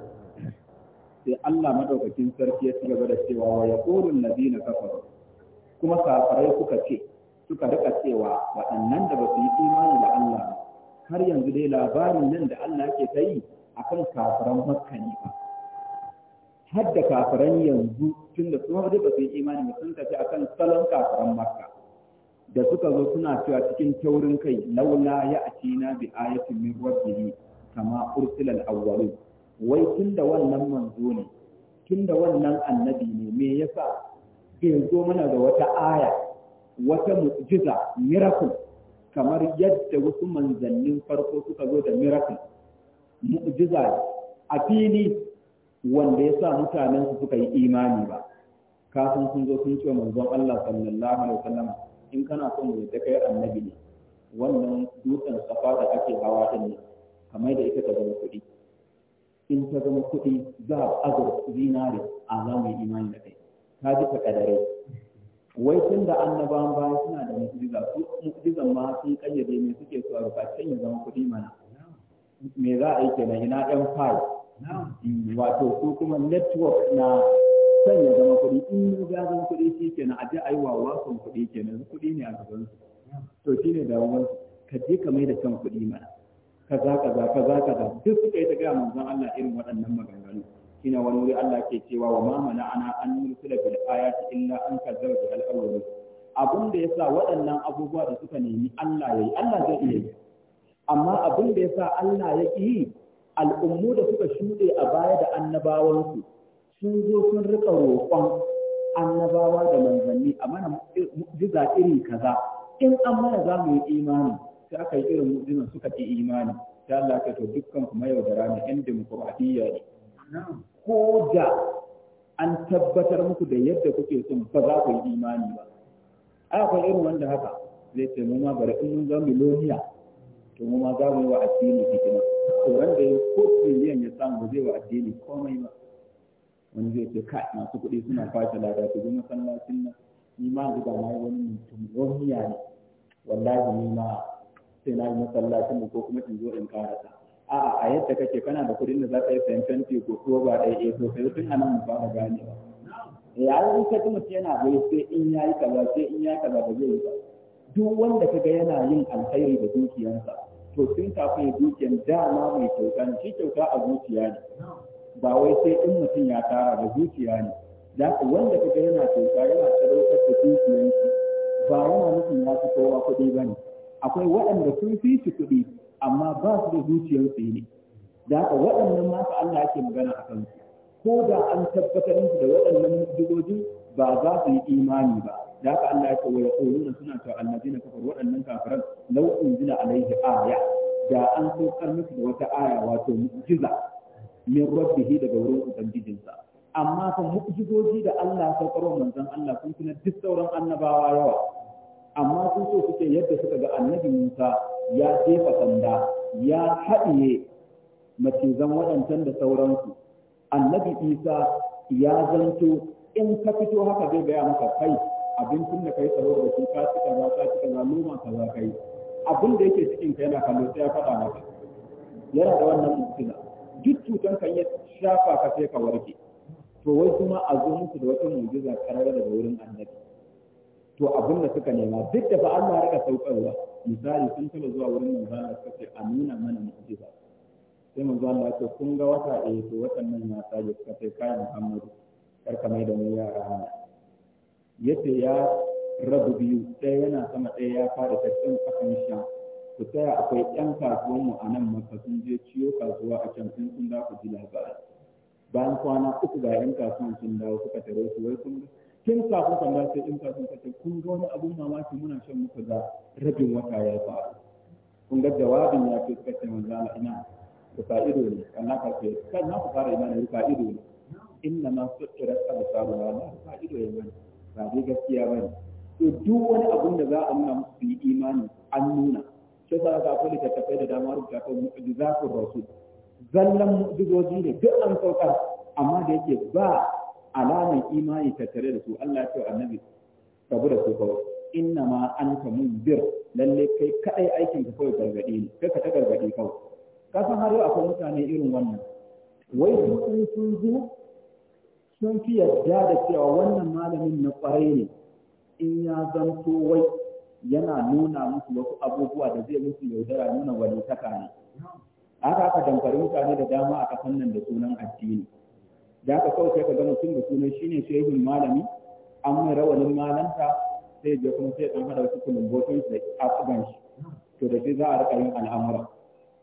sai Allah madaukakin sarki ya ci gaba da cewa wa yaqulul ladina kafaru kuma kafirai kuka ce suka rika cewa waɗannan da ba su yi imani da Allah ba har yanzu dai labarin nan da Allah ke ta yi akan kafiran makka ne ba har da kafiran yanzu tun da sun haɗu basu yi imani ba sun tafi akan salon kafiran makka da suka zo suna cewa cikin taurin kai laula ya atina bi ayatin min rabbihi kama ursila awwalu wai tun da wannan manzo ne tun da wannan annabi ne me yasa bai zo mana da wata aya wata mu'jiza miracle kamar yadda wasu manzannin farko suka zo da miracle mu'jiza a fili wanda ya sa mutanen su suka yi imani ba kafin sun zo sun ce manzon Allah sallallahu alaihi wasallam in kana son mu da kai annabi ne wannan dutsen safa da ake hawa din ne kamar da ita ta zama kuɗi in ta zama kuɗi za a azur zinare a za yi imani da kai ka ji ka kadare wai tun da annabawan bayan suna da mu'jiza su mu'jizan ma sun kayyade me suke so a rubacin ya zama kuɗi mana me za a yi kenan ina ɗan fai wato su kuma network na san ya zama kuɗi in mu ga zama kuɗi shi kenan a ji a yi wa wasan kuɗi kenan kuɗi ne a gaban su to ne da wani ka je ka mai da kan kuɗi mana kaza kaza kaza kaza duk suka yi ta gaya manzon Allah irin waɗannan maganganu shine wani wuri Allah ke cewa wa ma ana an nursila bil ayati illa an kazzaba bil awwalin abin da yasa waɗannan abubuwa da suka nemi Allah yayi Allah zai iya yi amma abun da yasa Allah ya yi al'ummu da suka shuɗe a baya da annabawansu sun zo sun rika roƙon annabawa da manzanni a mana mu'jiza iri kaza in an mana za mu yi imani sai aka yi irin mu'jizan suka ki imani sai Allah ya to dukkan kuma ne yan dimokuraɗiyya ne ko da an tabbatar muku da yadda kuke son ba za ku yi imani ba akwai irin wanda haka zai ce mu ma bari in mun zama miloniya to mu ma za mu yi wa addini hidima to wanda ya ko miliyan ya samu ba zai wa addini komai ba wani zai ce kai masu kuɗi suna fata lada ku zo sallacin nan ni ma zuba na yi wani mutum miloniya ne wallahi ni ma sai na yi masallacin ko kuma in zo in karata a'a a yadda kake kana da kuɗin da za ka yi sayan fenti ko ba ɗaya eh to sai tun anan mu fara ba. ya yi ka mutum yana bai sai in ya yi kaza sai in ya yi kaza ba zai yi ba duk wanda kaga yana yin alkhairi da dukiyarsa to tun kafin dukiyar dama mai kyauta ne shi kyauta a zuciya ne ba wai sai in mutum ya tara da zuciya ne da wanda kaga yana kyauta yana sadaukar da dukiyarsa. ba yana nufin ya fi kowa kuɗi ba ne akwai waɗanda sun fi shi kuɗi amma ba su da zuciyar su ne da haka waɗannan ma Allah yake magana a kansu, ko da an tabbatar musu da waɗannan mu'jizojin ba za su yi imani ba da haka Allah ya waya wa suna cewa na kafar waɗannan kafiran law unzila alaihi aya da an saukar musu da wata aya wato mu'jiza min rabbihi daga wurin ubangijinsa amma fa mu'jizoji da Allah saukarwa manzon Allah sun fi na duk sauran annabawa yawa amma sun so suke yadda suka ga annabi Musa ya jefa sanda ya haɗiye macizan waɗancan da sauransu annabi isa ya zanto in ka fito haka zai gaya maka kai abincin da kai tsaro da shi ka ci kaza ka ci kaza noma kaza yi abin da yake cikin ka yana kallo sai ya faɗa maka yana da wannan mutuna duk cutan kan ya shafa ka sai ka warke to wai kuma a zo musu da wata mu'jiza karara daga wurin annabi to abin da suka nema duk da ba Allah ya rika saukarwa misali sun taba zuwa wurin manzo Allah suka ce a nuna mana mu'jiza sai manzo Allah ya ce kun ga wata eh to watan nan ya sage suka ce kai Muhammadu kar mai da mu yara yace ya rabu biyu sai yana sama ɗaya ya fara tafiyan kafin sha ku tsaya akwai ƴan mu a nan maka sun je ciyo kasuwa a can sun sun ku ji labari bayan kwana uku ga ƴan kasuwan sun dawo suka tare su wai sun sa kafin kan sai in kafin kun kace kun ga wani abun mamaki muna shan muku da rabin wata ya fa kun ga jawabin ya ce kace ce manzala ina rufa fa'ido ne Allah ka ce kan na ku fara imani rufa fa'ido ne inna ma al absaru wa la rufa ya ba dai gaskiya ne to duk wani abun da za a nuna musu su yi imani an nuna sai sa ka kula da tafai da dama mu ji zakur rasul zallan mu'jizoji ne duk an sauka amma da yake ba alaman imani tattare da su Allah ya ce annabi rabu da su kawai inna ma anta bir lalle kai kadai aikin ka kawai gargadi ne kai ka ta gargadi kawai ka san har yau akwai mutane irin wannan wai sun sun zo sun fi yarda da cewa wannan malamin na kwarai ne in ya zanto wai yana nuna musu wasu abubuwa da zai musu yaudara nuna walitaka ne haka aka damfari mutane da dama a kasan nan da sunan addini da aka kawai sai ka gama tun da sunan shine shehun malami an mai rawanin malanta sai ya kuma sai dan hada wasu kulumbotin da afgan shi to da shi za a rika yin al'amura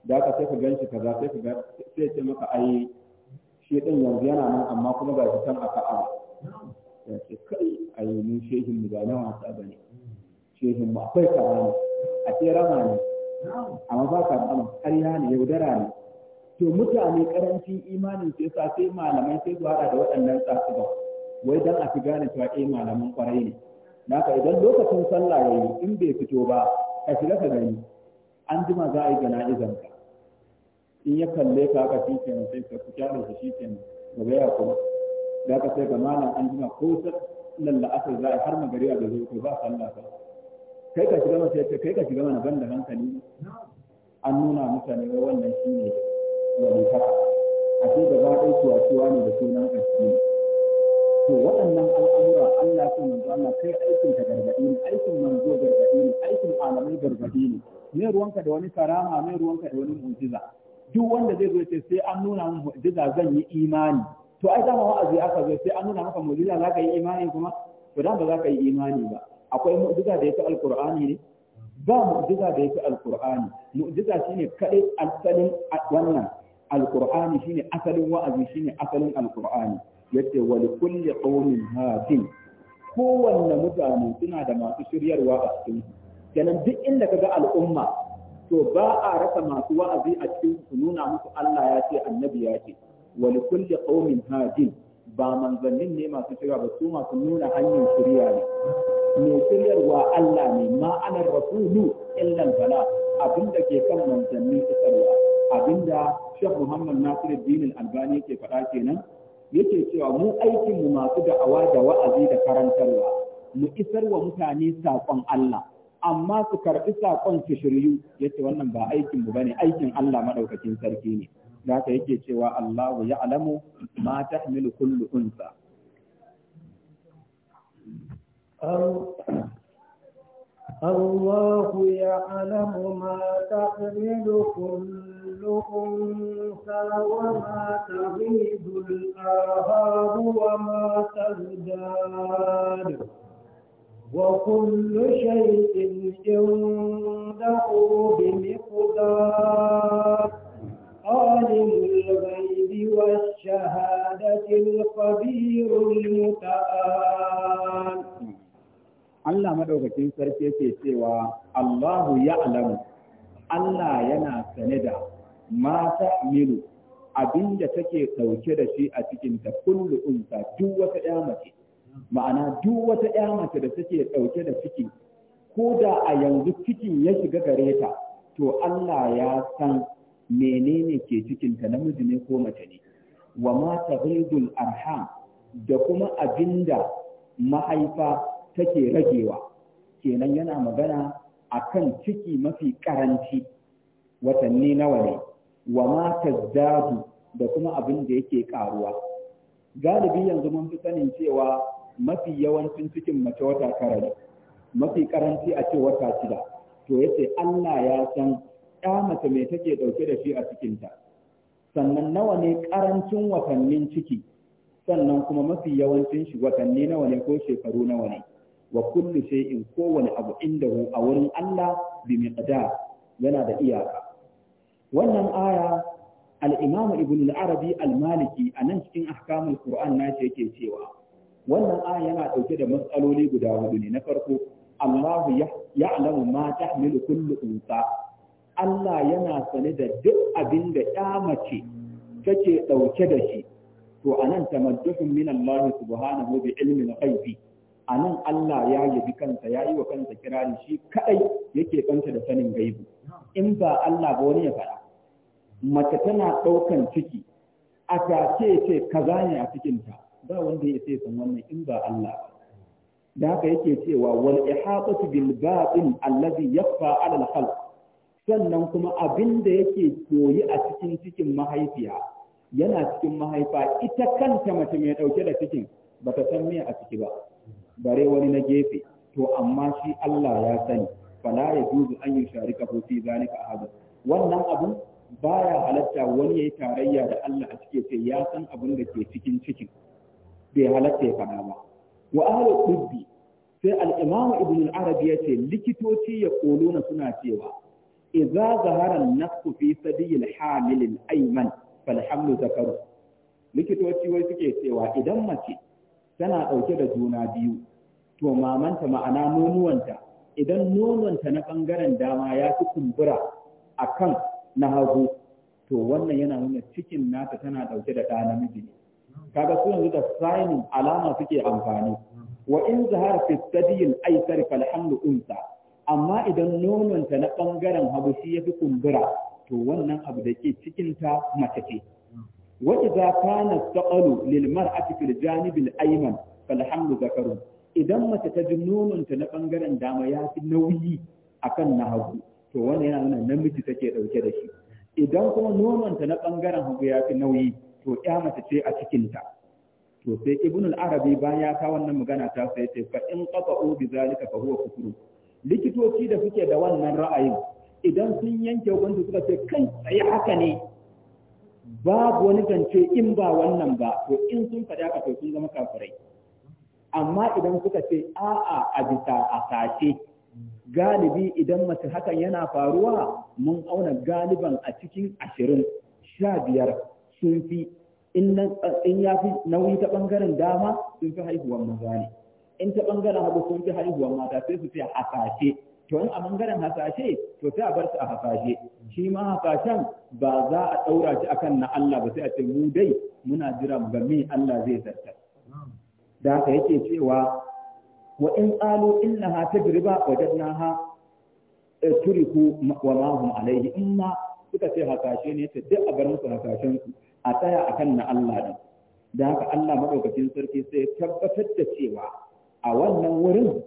da aka sai ka gan shi kaza sai ka ga sai ce maka ai shi din yanzu yana nan amma kuma ga shi can a ka'aba ya ce kai ai mun shehin mu ba na wasa ne shehin mu akwai karama a ce rama ne amma ba ka rama ƙarya ne yaudara ne to mutane karancin imanin sai sa sai malamai sai su hada da waɗannan ba, wai dan a fi gane cewa eh malaman kwarai ne naka idan lokacin sallah yayi in bai fito ba ka shiga ka gani an jima za a yi jana'izan ka in ya kalle ka ka shi kenan sai ka fita da shi kenan gaba ya kuma da ka sai ga malam an jima ko lalla asar za a har magari a gari, ko ba sallah ba kai ka shiga mana kai ka shiga mana ban da hankali an nuna mutane wa wannan shine ne walitaka a ce gaba ɗaya cuwa-cuwa ne da sunan addini to waɗannan al'amura Allah ce manzo Allah kai aikin ka gargaɗi ne aikin manzo gargaɗi ne aikin alamai gargaɗi ne me ruwanka da wani karama me ruwanka da wani mu'jiza duk wanda zai zo ce sai an nuna mun mu'jiza zan yi imani to ai dama wa'azi aka zo sai an nuna maka mu'jiza za ka yi imani kuma to dan ba za ka yi imani ba akwai mu'jiza da yake alqur'ani ne ba mu'jiza da yake alqur'ani mu'jiza shine kadai asalin wannan alqur'ani shine asalin wa'azi shine asalin Alkur'ani. Yadda wa likulli qaumin hadin kowanne mutane suna da masu shiryarwa a cikin kenan duk inda kaga al'umma to ba a rasa masu wa'azi a cikin su nuna musu Allah ya ce annabi ya ce wa likulli qaumin hadin ba manzannin ne masu shirya ba su masu nuna hanyar shirya ne mai shiryarwa Allah ne ma'anar rasulu illan bala abin da ke kan manzanni isarwa abinda Sheikh Muhammad Nasiruddin Al-Albani yake faɗa kenan yake cewa mu aikin mu masu da'awa da wa'azi da karantarwa mu isar wa mutane saƙon Allah amma su karɓi saƙon su shiryu yace wannan ba aikin mu bane aikin Allah madaukakin sarki ne da haka yake cewa Allahu ya'lamu ma tahmilu kullu unsa um, الله يعلم ما تحمل كل أنثى وما تغيب الأرهاب وما تزداد وكل شيء عنده بمقدار عالم الغيب والشهادة الخبير المتآل Allah madaukakin sarki yake cewa Allahu ya'lamu Allah yana sane da ma abin abinda take ɗauke da shi a cikin ta kullu unsa duk wata ɗaya mace ma'ana duk wata ɗaya mace da take ɗauke da ciki ko da a yanzu cikin ya shiga gare ta to Allah ya san menene ke cikin ta namiji ne ko mace ne wa mata, taghidul arham da kuma abinda mahaifa take ragewa kenan yana magana a kan ciki mafi karanci watanni nawa ne wa ma tazdadu da kuma abin da yake karuwa galibi yanzu mun fi sanin cewa mafi yawancin cikin mace wata tara mafi karanci a ce wata shida to yace Allah ya san ya mace me take dauke da shi a cikinta sannan nawa ne karancin watannin ciki sannan kuma mafi yawancin shi watanni nawa ne ko shekaru nawa ne wa kullu shay'in kowane abu inda a wurin Allah bi miqdar yana da iyaka wannan aya al-Imam Ibn al-Arabi al-Maliki a nan cikin ahkamul Qur'an nashi yake cewa wannan aya yana dauke da matsaloli guda hudu ne na farko Allah ya'lamu ma tahmilu kullu unsa Allah yana sane da duk abin da ya mace take dauke da shi to anan tamadduhun min Allah subhanahu bi ilmin ghaibi a nan Allah ya yabi kansa ya yi wa kansa kirari shi kadai yake kanta da sanin gaibu in ba Allah ba wani ya faɗa mace tana ɗaukan ciki a take ce kaza ne a cikinta ba wanda ya ce san wannan in ba Allah da haka yake cewa wal ihatatu bil ba'in allazi yakfa ala al khalq sannan kuma abin da yake koyi a cikin cikin mahaifiya yana cikin mahaifa ita kanta mace mai dauke da cikin bata san me a ciki ba bare wani na gefe to amma shi Allah ya sani fala ya juzu an yi sharika ko fi zalika ahad wannan abu baya halatta wani yayi tarayya da Allah a cike sai ya san abin da ke cikin cikin bai halatta ya fada ba wa ahlul tibbi sai al-imam ibn al-arabi yace likitoci ya kolona suna cewa idza zahara an-nafsu fi sadiy al-hamil al-ayman falhamlu zakaru likitoci wai suke cewa idan mace tana dauke da juna biyu to mamanta ma'ana nonuwanta idan nonuwanta na ɓangaren dama ya fi kumbura a kan na hagu to wannan yana nuna cikin nata tana ɗauke da ɗa namiji ne kaga su yanzu da signing alama suke amfani wa in zahara fi stadiyil aisar falhamdu unsa amma idan nononta na ɓangaren hagu shi ya fi kumbura to wannan abu da ke cikin ta mace ce wa idza kana saqalu lil mar'ati fil janibil ayman falhamdu zakaru. idan mace ta ji nononta na bangaren dama ya fi nauyi a kan na hagu to wannan yana nuna namiji take ɗauke da shi idan kuma nononta na ɓangaren hagu ya fi nauyi to ya mace ce a cikinta to sai ibn arabi bayan ya kawo wannan magana ta sai ce fa in qata'u bi zalika fa huwa kufur likitoci da suke da wannan ra'ayin idan sun yanke hukunci suka ce kai tsaye haka ne babu wani zance in ba wannan ba to in sun faɗa ka to sun zama kafirai amma idan suka ce a'a a bisa a sace galibi idan mace hakan yana faruwa mun auna galiban a cikin ashirin sha biyar sun fi in ya fi nauyi ta ɓangaren dama sun fi haihuwar maza ne in ta ɓangaren hagu sun fi haihuwar mata sai su fi hasashe to in a ɓangaren hasashe to sai a bar su a hasashe shi ma hasashen ba za a ɗaura shi akan na Allah ba sai a ce mu dai muna jira ga me Allah zai zartar da haka yake cewa wa in qalu innaha tajriba wajadnaha e, turiku wa ma hum alayhi amma suka ce hasashe ne ta duk a garin su su a tsaya akan na Allah ne da haka Allah madaukakin sarki sai tabbatar da cewa a wannan wurin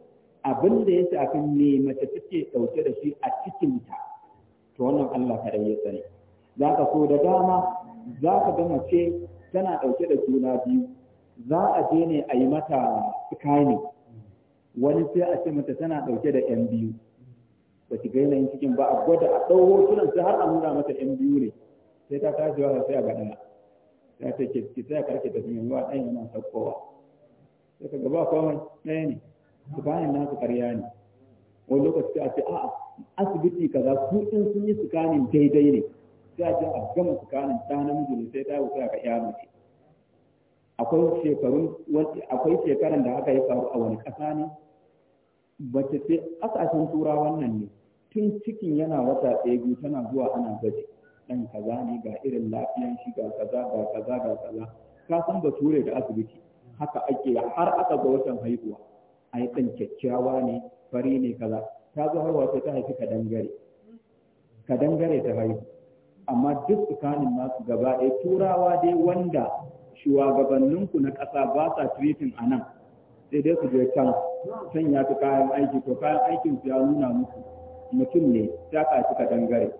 abin da ya shafi me mace take dauke da shi a cikin ta to wannan Allah kada ya sani zaka so da dama zaka ga mace tana dauke da juna biyu za a je ne a yi mata scanning wani sai a ce mata tana ɗauke da yan biyu ba ki gaina yin cikin ba a gwada a ɗau hotunan sai har a nuna mata yan biyu ne sai ta tashi wa sai a ga ɗaya ta ce ki ki sai karke ta fiye ruwa ɗayan yana saukowa sai ka gaba kawai ɗaya ne su bayan nasu ƙarya ne wani lokaci a ce a'a asibiti kaza su in sun yi sukanin daidai ne sai a ce a gama sukanin ta namiji ne sai ta wuce a ka iya mace akwai shekarun akwai shekaran da aka yi faru a wani ƙasa ne bace sai ƙasashen turawan nan ne tun cikin yana wata ɗaya biyu tana zuwa ana gaji ɗan kaza ne ga irin lafiyan shi ga kaza ga kaza ga kaza ka san ba ture da asibiti haka ake har aka ga watan haihuwa A yi ɗan kyakkyawa ne fari ne kaza ta zo har sai ta haifi kadangare dangare ta haihu amma duk tsakanin nasu gaba ɗaya turawa dai wanda shugabanninku na ƙasa ba sa treating a nan sai dai su je can can ya fi kayan aiki to kayan aikin su ya nuna musu mutum ne ta kaci ka dangare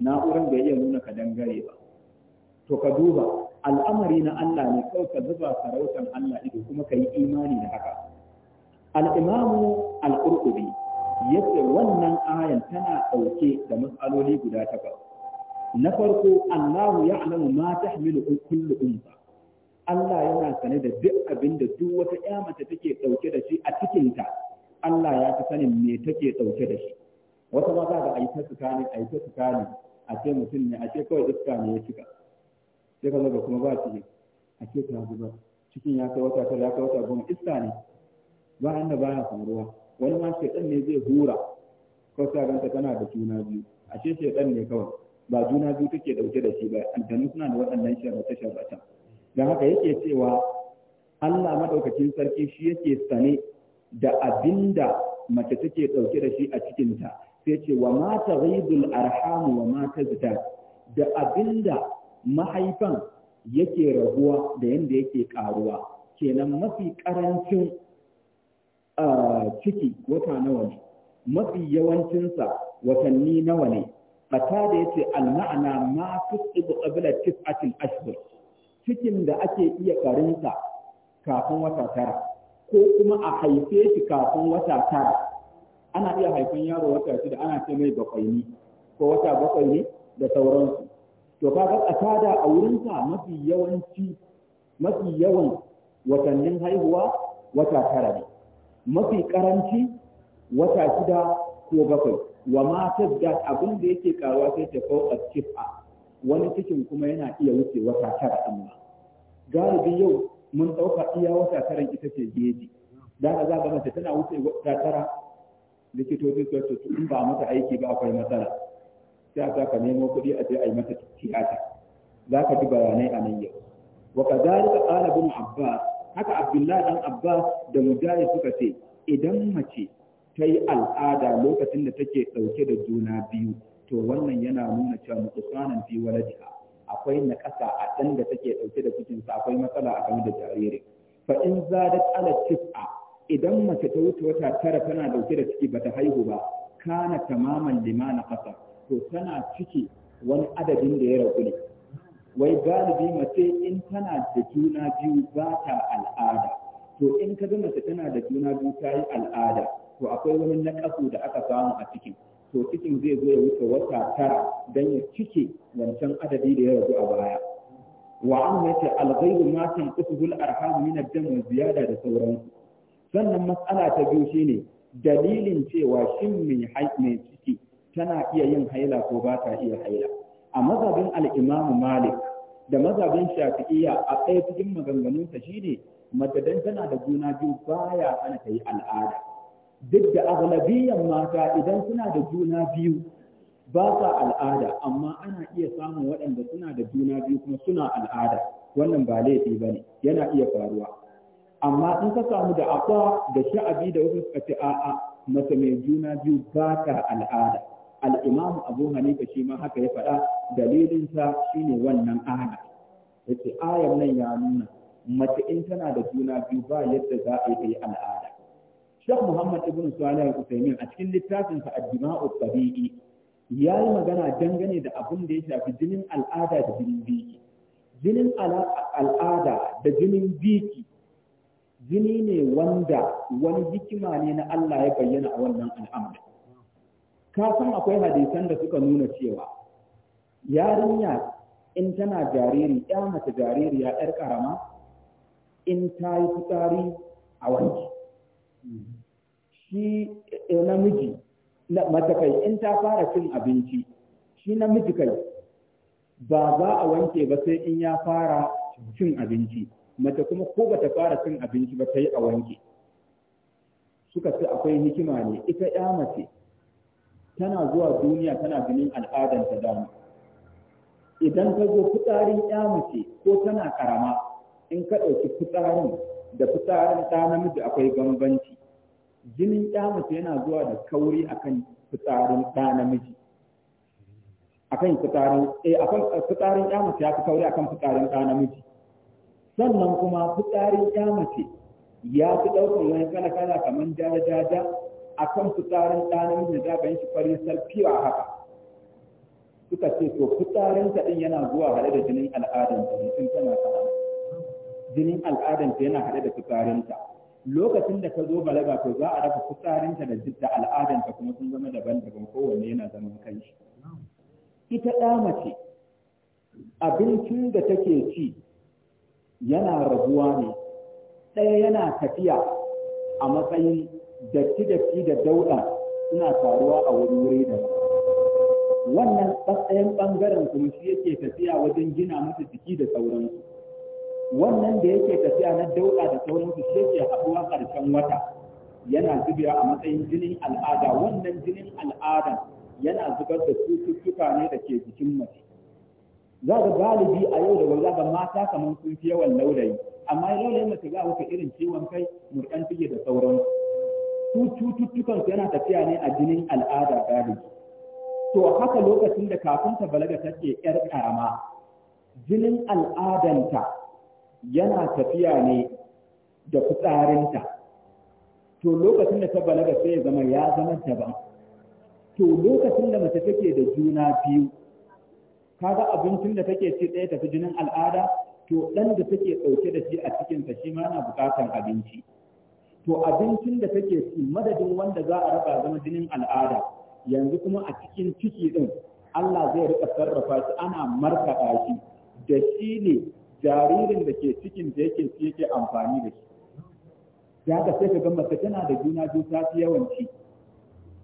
na'uran bai iya nuna ka dangare ba to ka duba al'amari na Allah ne kawai ka zuba sarautan Allah ido kuma ka yi imani da haka al'imamu al'urkubi ya wannan ayan tana ɗauke da matsaloli guda takwas na farko Allahu ya alamu ma ta hamilu kullu umfa Allah yana sane da duk abin da duk wata ƴa mace take ɗauke da shi a cikinta Allah ya fi sanin me take ɗauke da shi wata ma za ga ai ta tsakani ai ta tsakani a ce mutum ne a ce kawai iska ne ya cika sai ka zaga kuma ba ne, a ce ta zuba cikin ya kai wata tara ya kai wata goma iska ne ba inda baya faruwa wani ma shaidan ne zai hura ko ta ganta tana da juna biyu a ce shaidan ne kawai ba juna biyu take dauke da shi ba aljannu suna da waɗannan sharbata sharbata Da haka yake cewa Allah madaukakin sarki shi yake sane da abinda mace take ɗauke da shi a cikinta sai ce wa mata ghaidul arhamu wa mata zita. da abinda mahaifan yake raguwa da yanda yake karuwa kenan mafi karancin ciki wata nawa ne mafi yawancinsa watanni nawa ne fata da yace al ma'ana ma tusbu qabla tis'atil ashhur cikin da ake iya karinsa kafin wata tara ko kuma a haife shi kafin wata tara ana iya haifin yaro wata shida ana ce mai bakwai ne ko wata bakwai ne da sauransu to kaga tsada a wurinsa mafi yawanci mafi yawan watannin haihuwa wata tara ne mafi karanci wata shida ko bakwai wa ma tazdat abin da yake karuwa sai ta fauka kifa wani cikin kuma yana iya wuce wata tara din galibi yau mun ɗauka iya wata tara ita ce jeji da ka za ka mace tana wuce wata tara likitoci su ce in ba mata aiki ba akwai matsala sai a ka nemo kuɗi a je a yi mata tiyata za ka ji bayanai a nan yau wa ka qala bin abbas haka abdullahi Ɗan abbas da mujahid suka ce idan mace ta yi al'ada lokacin da take ɗauke da juna biyu to wannan yana nuna cewa nuqsanan fi waladiha akwai naƙasa a dan da take dauke da cikin sa akwai matsala a game da jariri fa in zadat ala tis'a idan mace ta wuce wata tara tana dauke da ciki bata haihu ba kana tamaman limana kasa to tana ciki wani adadin da ya ragu ne wai galibi mace in tana da juna biyu ba ta al'ada to in ka ga mace tana da juna biyu ta yi al'ada to akwai wani naƙasu da aka samu a cikin to cikin zai zo ya wuce wata tara don ya cike wancan adadi da ya rabu a baya wa an ce alghayru ma tanqusuhu al-arham min ad-dam wa ziyada da sauransu sannan matsala ta biyu shine dalilin cewa shin min mai ciki tana iya yin haila ko ba ta iya haila a mazhabin al-imam malik da mazhabin shafi'iyya a ɗaya cikin maganganunsa shine mace dan tana da juna biyu baya hana ta yi al'ada duk da biyan mata idan suna da juna biyu ba sa al'ada amma ana iya samun waɗanda suna da juna biyu kuma suna al'ada wannan ba laifi ba ne yana iya faruwa amma in ka samu da akwa da sha'abi da wasu suka ce a'a mace mai juna biyu ba ta al'ada al'imamu abu hanifa shi ma haka ya faɗa dalilinsa shine wannan aya yace ayar nan ya nuna mace in tana da juna biyu ba yadda za a yi al'ada Sheikh Muhammad ibn Salih al a cikin littafin sa Ad-Dima'u Tabi'i ya yi magana dangane da abin da ya shafi jinin al'ada da jinin biki. Jinin al'ada da jinin biki jini ne wanda wani hikima ne na Allah ya bayyana a wannan al'amari. Ka san akwai hadisan da suka nuna cewa yarinya in tana jariri, ya mace jaririya ‘yar ƙarama, in ta yi fitsari a wanki. shi eh, namiji mace kai in ta fara cin abinci shi namiji kai ba za a wanke ba sai in ya fara cin abinci mace kuma ko ba ta fara cin abinci ba ta a wanke suka ce akwai hikima ne ita ya mace tana zuwa duniya tana ganin al'adanta dama idan ka zo fitsarin ya mace ko tana karama in ka ɗauki fitsarin da fitsarin ta namiji akwai bambanci jinin ya mace yana zuwa da kauri akan fitsarin ɗa namiji akan fitsarin eh akan fitsarin ya mace ya fi kauri akan fitsarin ɗa namiji sannan kuma fitsarin ya mace ya fi ɗaukar wani kala kala kamar jajaja akan fitsarin ɗa namiji da ban shi fari salfiwa haka suka ce to fitsarin ta din yana zuwa haɗe da jinin al'adanta mutum tana kama jinin al'adanta yana haɗe da fitsarin ta lokacin da ta zo balaga to za a raka kusarinta da da al'adanta kuma sun zama daban-daban kowanne yana zaman kanshi ita ɗa mace abincin da take ci yana rabuwa ne ɗaya yana tafiya a matsayin datti-datti da dauɗa suna faruwa a wurin wuri da wannan ɗayan ɓangaren kuma shi yake tafiya wajen gina mata jiki da sauransu wannan da yake tafiya na dauɗa da sauransu sai ke haɗuwa ƙarshen wata yana zubiya a matsayin jinin al'ada wannan jinin al'ada yana zubar da cututtuka ne da ke jikin mace za ga galibi a yau da gobe ga mata kamar sun fi yawan laulayi amma laulayi mace ga wata irin ciwon kai murɗan fige da sauransu su cututtukan su yana tafiya ne a jinin al'ada galibi to haka lokacin da kafin ta balaga take yar karama jinin al'adanta yana tafiya ne da kutsarinta to lokacin da ta balaga sai ya zama ya zama daban to lokacin da mace take da juna biyu kaga abincin da take ci ɗaya tafi jinin al'ada to ɗan da take ɗauke da shi a cikinsa, shi ma na buƙatar abinci to abincin da take ci madadin wanda za a raba zama jinin al'ada yanzu kuma a cikin ciki ɗin Allah zai riƙa sarrafa shi ana markaɗa shi da shi ne jaririn da ke cikin da yake ci yake amfani da shi ya haka sai ka ga mace tana da juna biyu ta fi yawan ci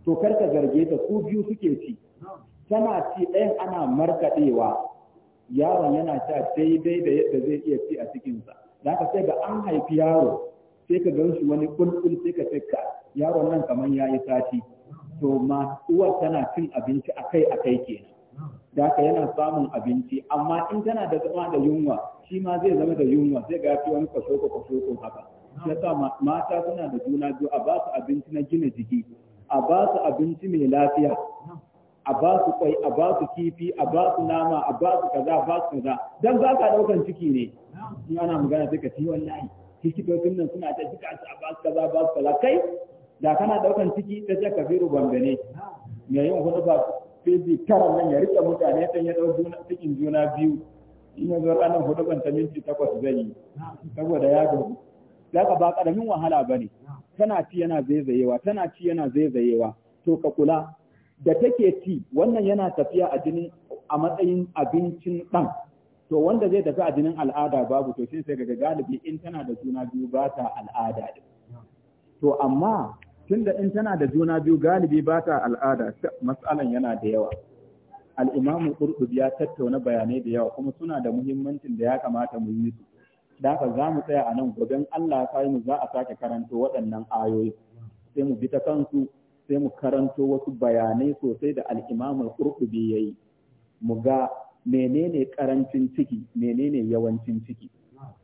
to kar ka zarge ta ku biyu suke ci tana ci ɗayan ana markaɗewa yaron yana sha daidai da yadda zai iya ci a cikinsa za ka sai ga an haifi yaro sai ka gan shi wani kulkul sai ka ce ka yaron nan kamar ya yi sati to ma uwar tana cin abinci akai akai kenan da haka yana samun abinci amma in tana da zama da yunwa shi ma zai zama da yunwa zai ga fi wani kwashoko kwashoko haka ya yasa mata suna da juna biyu a ba su abinci na gina jiki a ba su abinci mai lafiya a ba su kwai a ba su kifi a ba su nama a ba su kaza a ba su kaza dan ba ka daukan ciki ne in ana magana sai ka ci wallahi likitocin nan suna ta jika su a ba su kaza ba su kaza kai da kana daukan ciki ta ce ka biro bambane me yin hudu ba sai tara nan ya rike mutane sai ya dau cikin juna biyu in zo ranar hudu ban ta minti takwas zai yi saboda ya gudu za ka ba karamin wahala ba ne tana ci yana zaizayewa tana ci yana zaizayewa to ka kula da take ci wannan yana tafiya a jinin a matsayin abincin ɗan to wanda zai tafi a jinin al'ada babu to shi sai ga galibi in tana da juna biyu ba ta al'ada to amma tunda in tana da juna biyu galibi ba ta al'ada matsalan yana da yawa al'imamu ƙurɗub ya tattauna bayanai da yawa kuma suna da muhimmancin da ya kamata mu yi su da haka za mu tsaya a nan goben Allah ya mu za a sake karanto waɗannan ayoyi sai mu bi ta kansu sai mu karanto wasu bayanai sosai da al'imamu ƙurɗubi ya yi mu ga menene karancin ciki menene yawancin ciki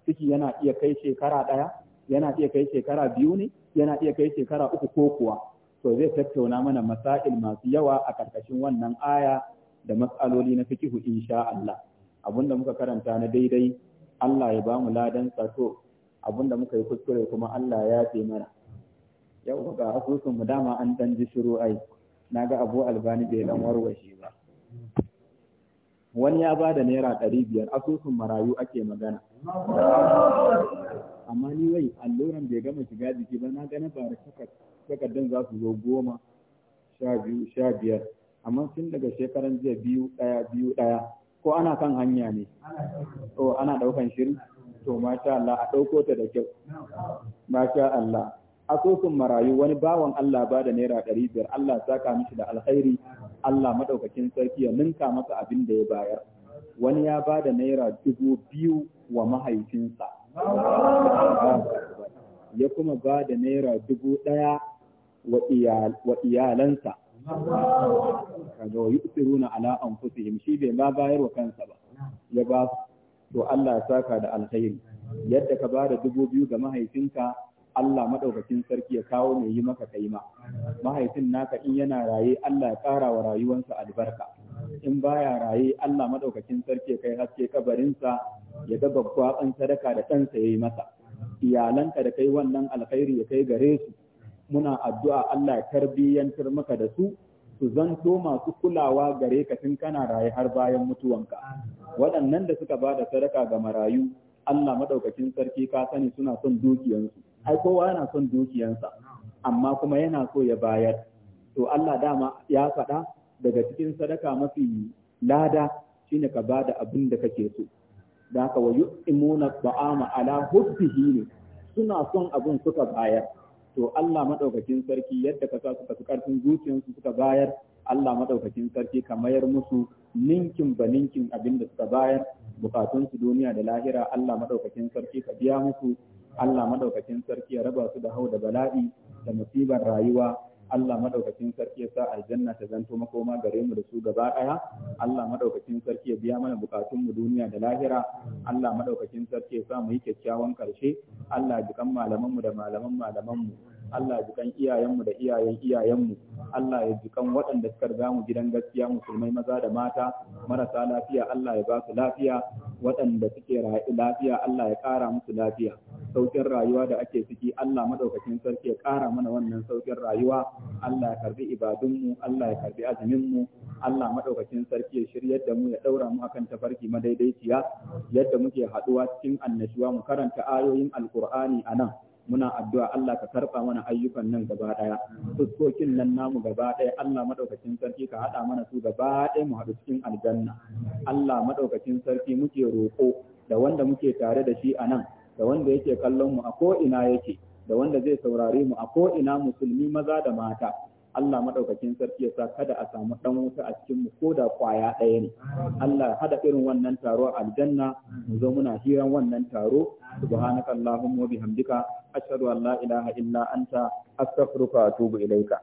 ciki yana iya kai shekara ɗaya yana iya kai shekara biyu ne yana iya kai shekara uku ko kuwa to zai tattauna mana masail masu yawa a karkashin wannan aya da matsaloli na fikihu insha Allah abinda muka karanta na daidai Allah ya bamu ladan sato abinda muka yi kuskure kuma Allah ya ce mana yau ga asusun mu dama an dan ji shiru ai naga Abu Albani bai dan warwashe ba wani ya ba da naira ɗari biyar asusun marayu ake magana amma ni wai alluran bai gama shiga jiki ba na ganin ba da takardun za su zo goma sha biyu sha biyar amma tun daga shekaran jiya biyu daya biyu daya ko ana kan hanya ne to ana ɗaukan shiri to masha Allah a ɗauko ta da kyau masha Allah a asusun marayu wani bawan Allah ba da naira ɗari biyar Allah saka mishi da alkhairi Allah madaukakin sarki ya ninka masa abin da ya bayar wani ya ba da naira dubu biyu wa mahaifinsa ya kuma ba da naira dubu ɗaya wa iyalansa kaga wa yusiruna ala anfusihim shi bai ma bayar wa kansa ba ya ba to Allah ya saka da alkhairi yadda ka ba da dubu biyu ga mahaifinka Allah madaukakin sarki ya kawo mai yi maka kaima mahaifin naka in yana raye Allah ya ƙara wa rayuwarsa albarka in baya raye Allah madaukakin sarki kai haske kabarinsa ya ga babba babban sadaka da kansa yi masa iyalanka da kai wannan alkhairi ya kai gare su muna addu'a Allah ya tarbiyyantar maka da su su zanto masu kulawa gare ka tun kana raye har bayan mutuwanka waɗannan da suka bada sadaka ga marayu Allah madaukakin sarki ka sani suna son dukiyansu ai kowa yana son dukiyansa amma kuma yana so ya bayar to Allah dama ya faɗa daga cikin sadaka mafi lada shine ka ba da abin da kake so da haka wa yu'imuna ta'ama ala hubbihi ne suna son abin suka bayar to Allah madaukakin sarki yadda ka sa suka fi karfin zuciyarsu suka bayar Allah madaukakin sarki ka mayar musu ninkin ba ninkin abin da suka bayar bukatunsu duniya da lahira Allah madaukakin sarki ka biya musu Allah madaukakin sarki ya raba su da hau da bala'i da musibar rayuwa Allah madaukakin sarki ya sa aljanna ta zanto makoma gare mu da su gaba daya Allah madaukakin sarki ya biya mana bukatun mu duniya da lahira Allah madaukakin sarki ya sa mu yi kyakkyawan karshe Allah jikan malaman mu da malaman malaman mu Allah ya jikan iyayenmu da iyayen iyayenmu Allah ya jikan waɗanda suka riga mu gidan gaskiya musulmai maza da mata marasa lafiya Allah ya ba su lafiya waɗanda suke lafiya Allah ya ƙara musu lafiya saukin rayuwa da ake ciki Allah madaukakin sarki ya ƙara mana wannan saukin rayuwa Allah ya karbi ibadunmu Allah ya karbi azuminmu Allah madaukakin sarki ya shiryar da mu ya ɗaura mu akan tafarki madaidaiciya yadda muke haɗuwa cikin annashuwa mu karanta ayoyin alkur'ani a nan muna addu'a Allah ka karɓa mana ayyukan nan gaba ɗaya fuskokin nan namu gaba ɗaya Allah madaukakin sarki ka haɗa mana su gaba ɗaya mu haɗu cikin aljanna Allah madaukakin sarki muke roƙo da wanda muke tare da shi a nan da wanda yake kallon mu a ko ina yake da wanda zai saurare mu a ko ina musulmi maza da mata Allah madaukakin sarki ya sa kada a samu dan wuta a cikin mu ko da kwaya ɗaya ne Allah hada irin wannan taro aljanna mu zo muna hiran wannan taro subhanakallahumma wa bihamdika ashhadu an la ilaha illa anta astaghfiruka wa atubu ilaika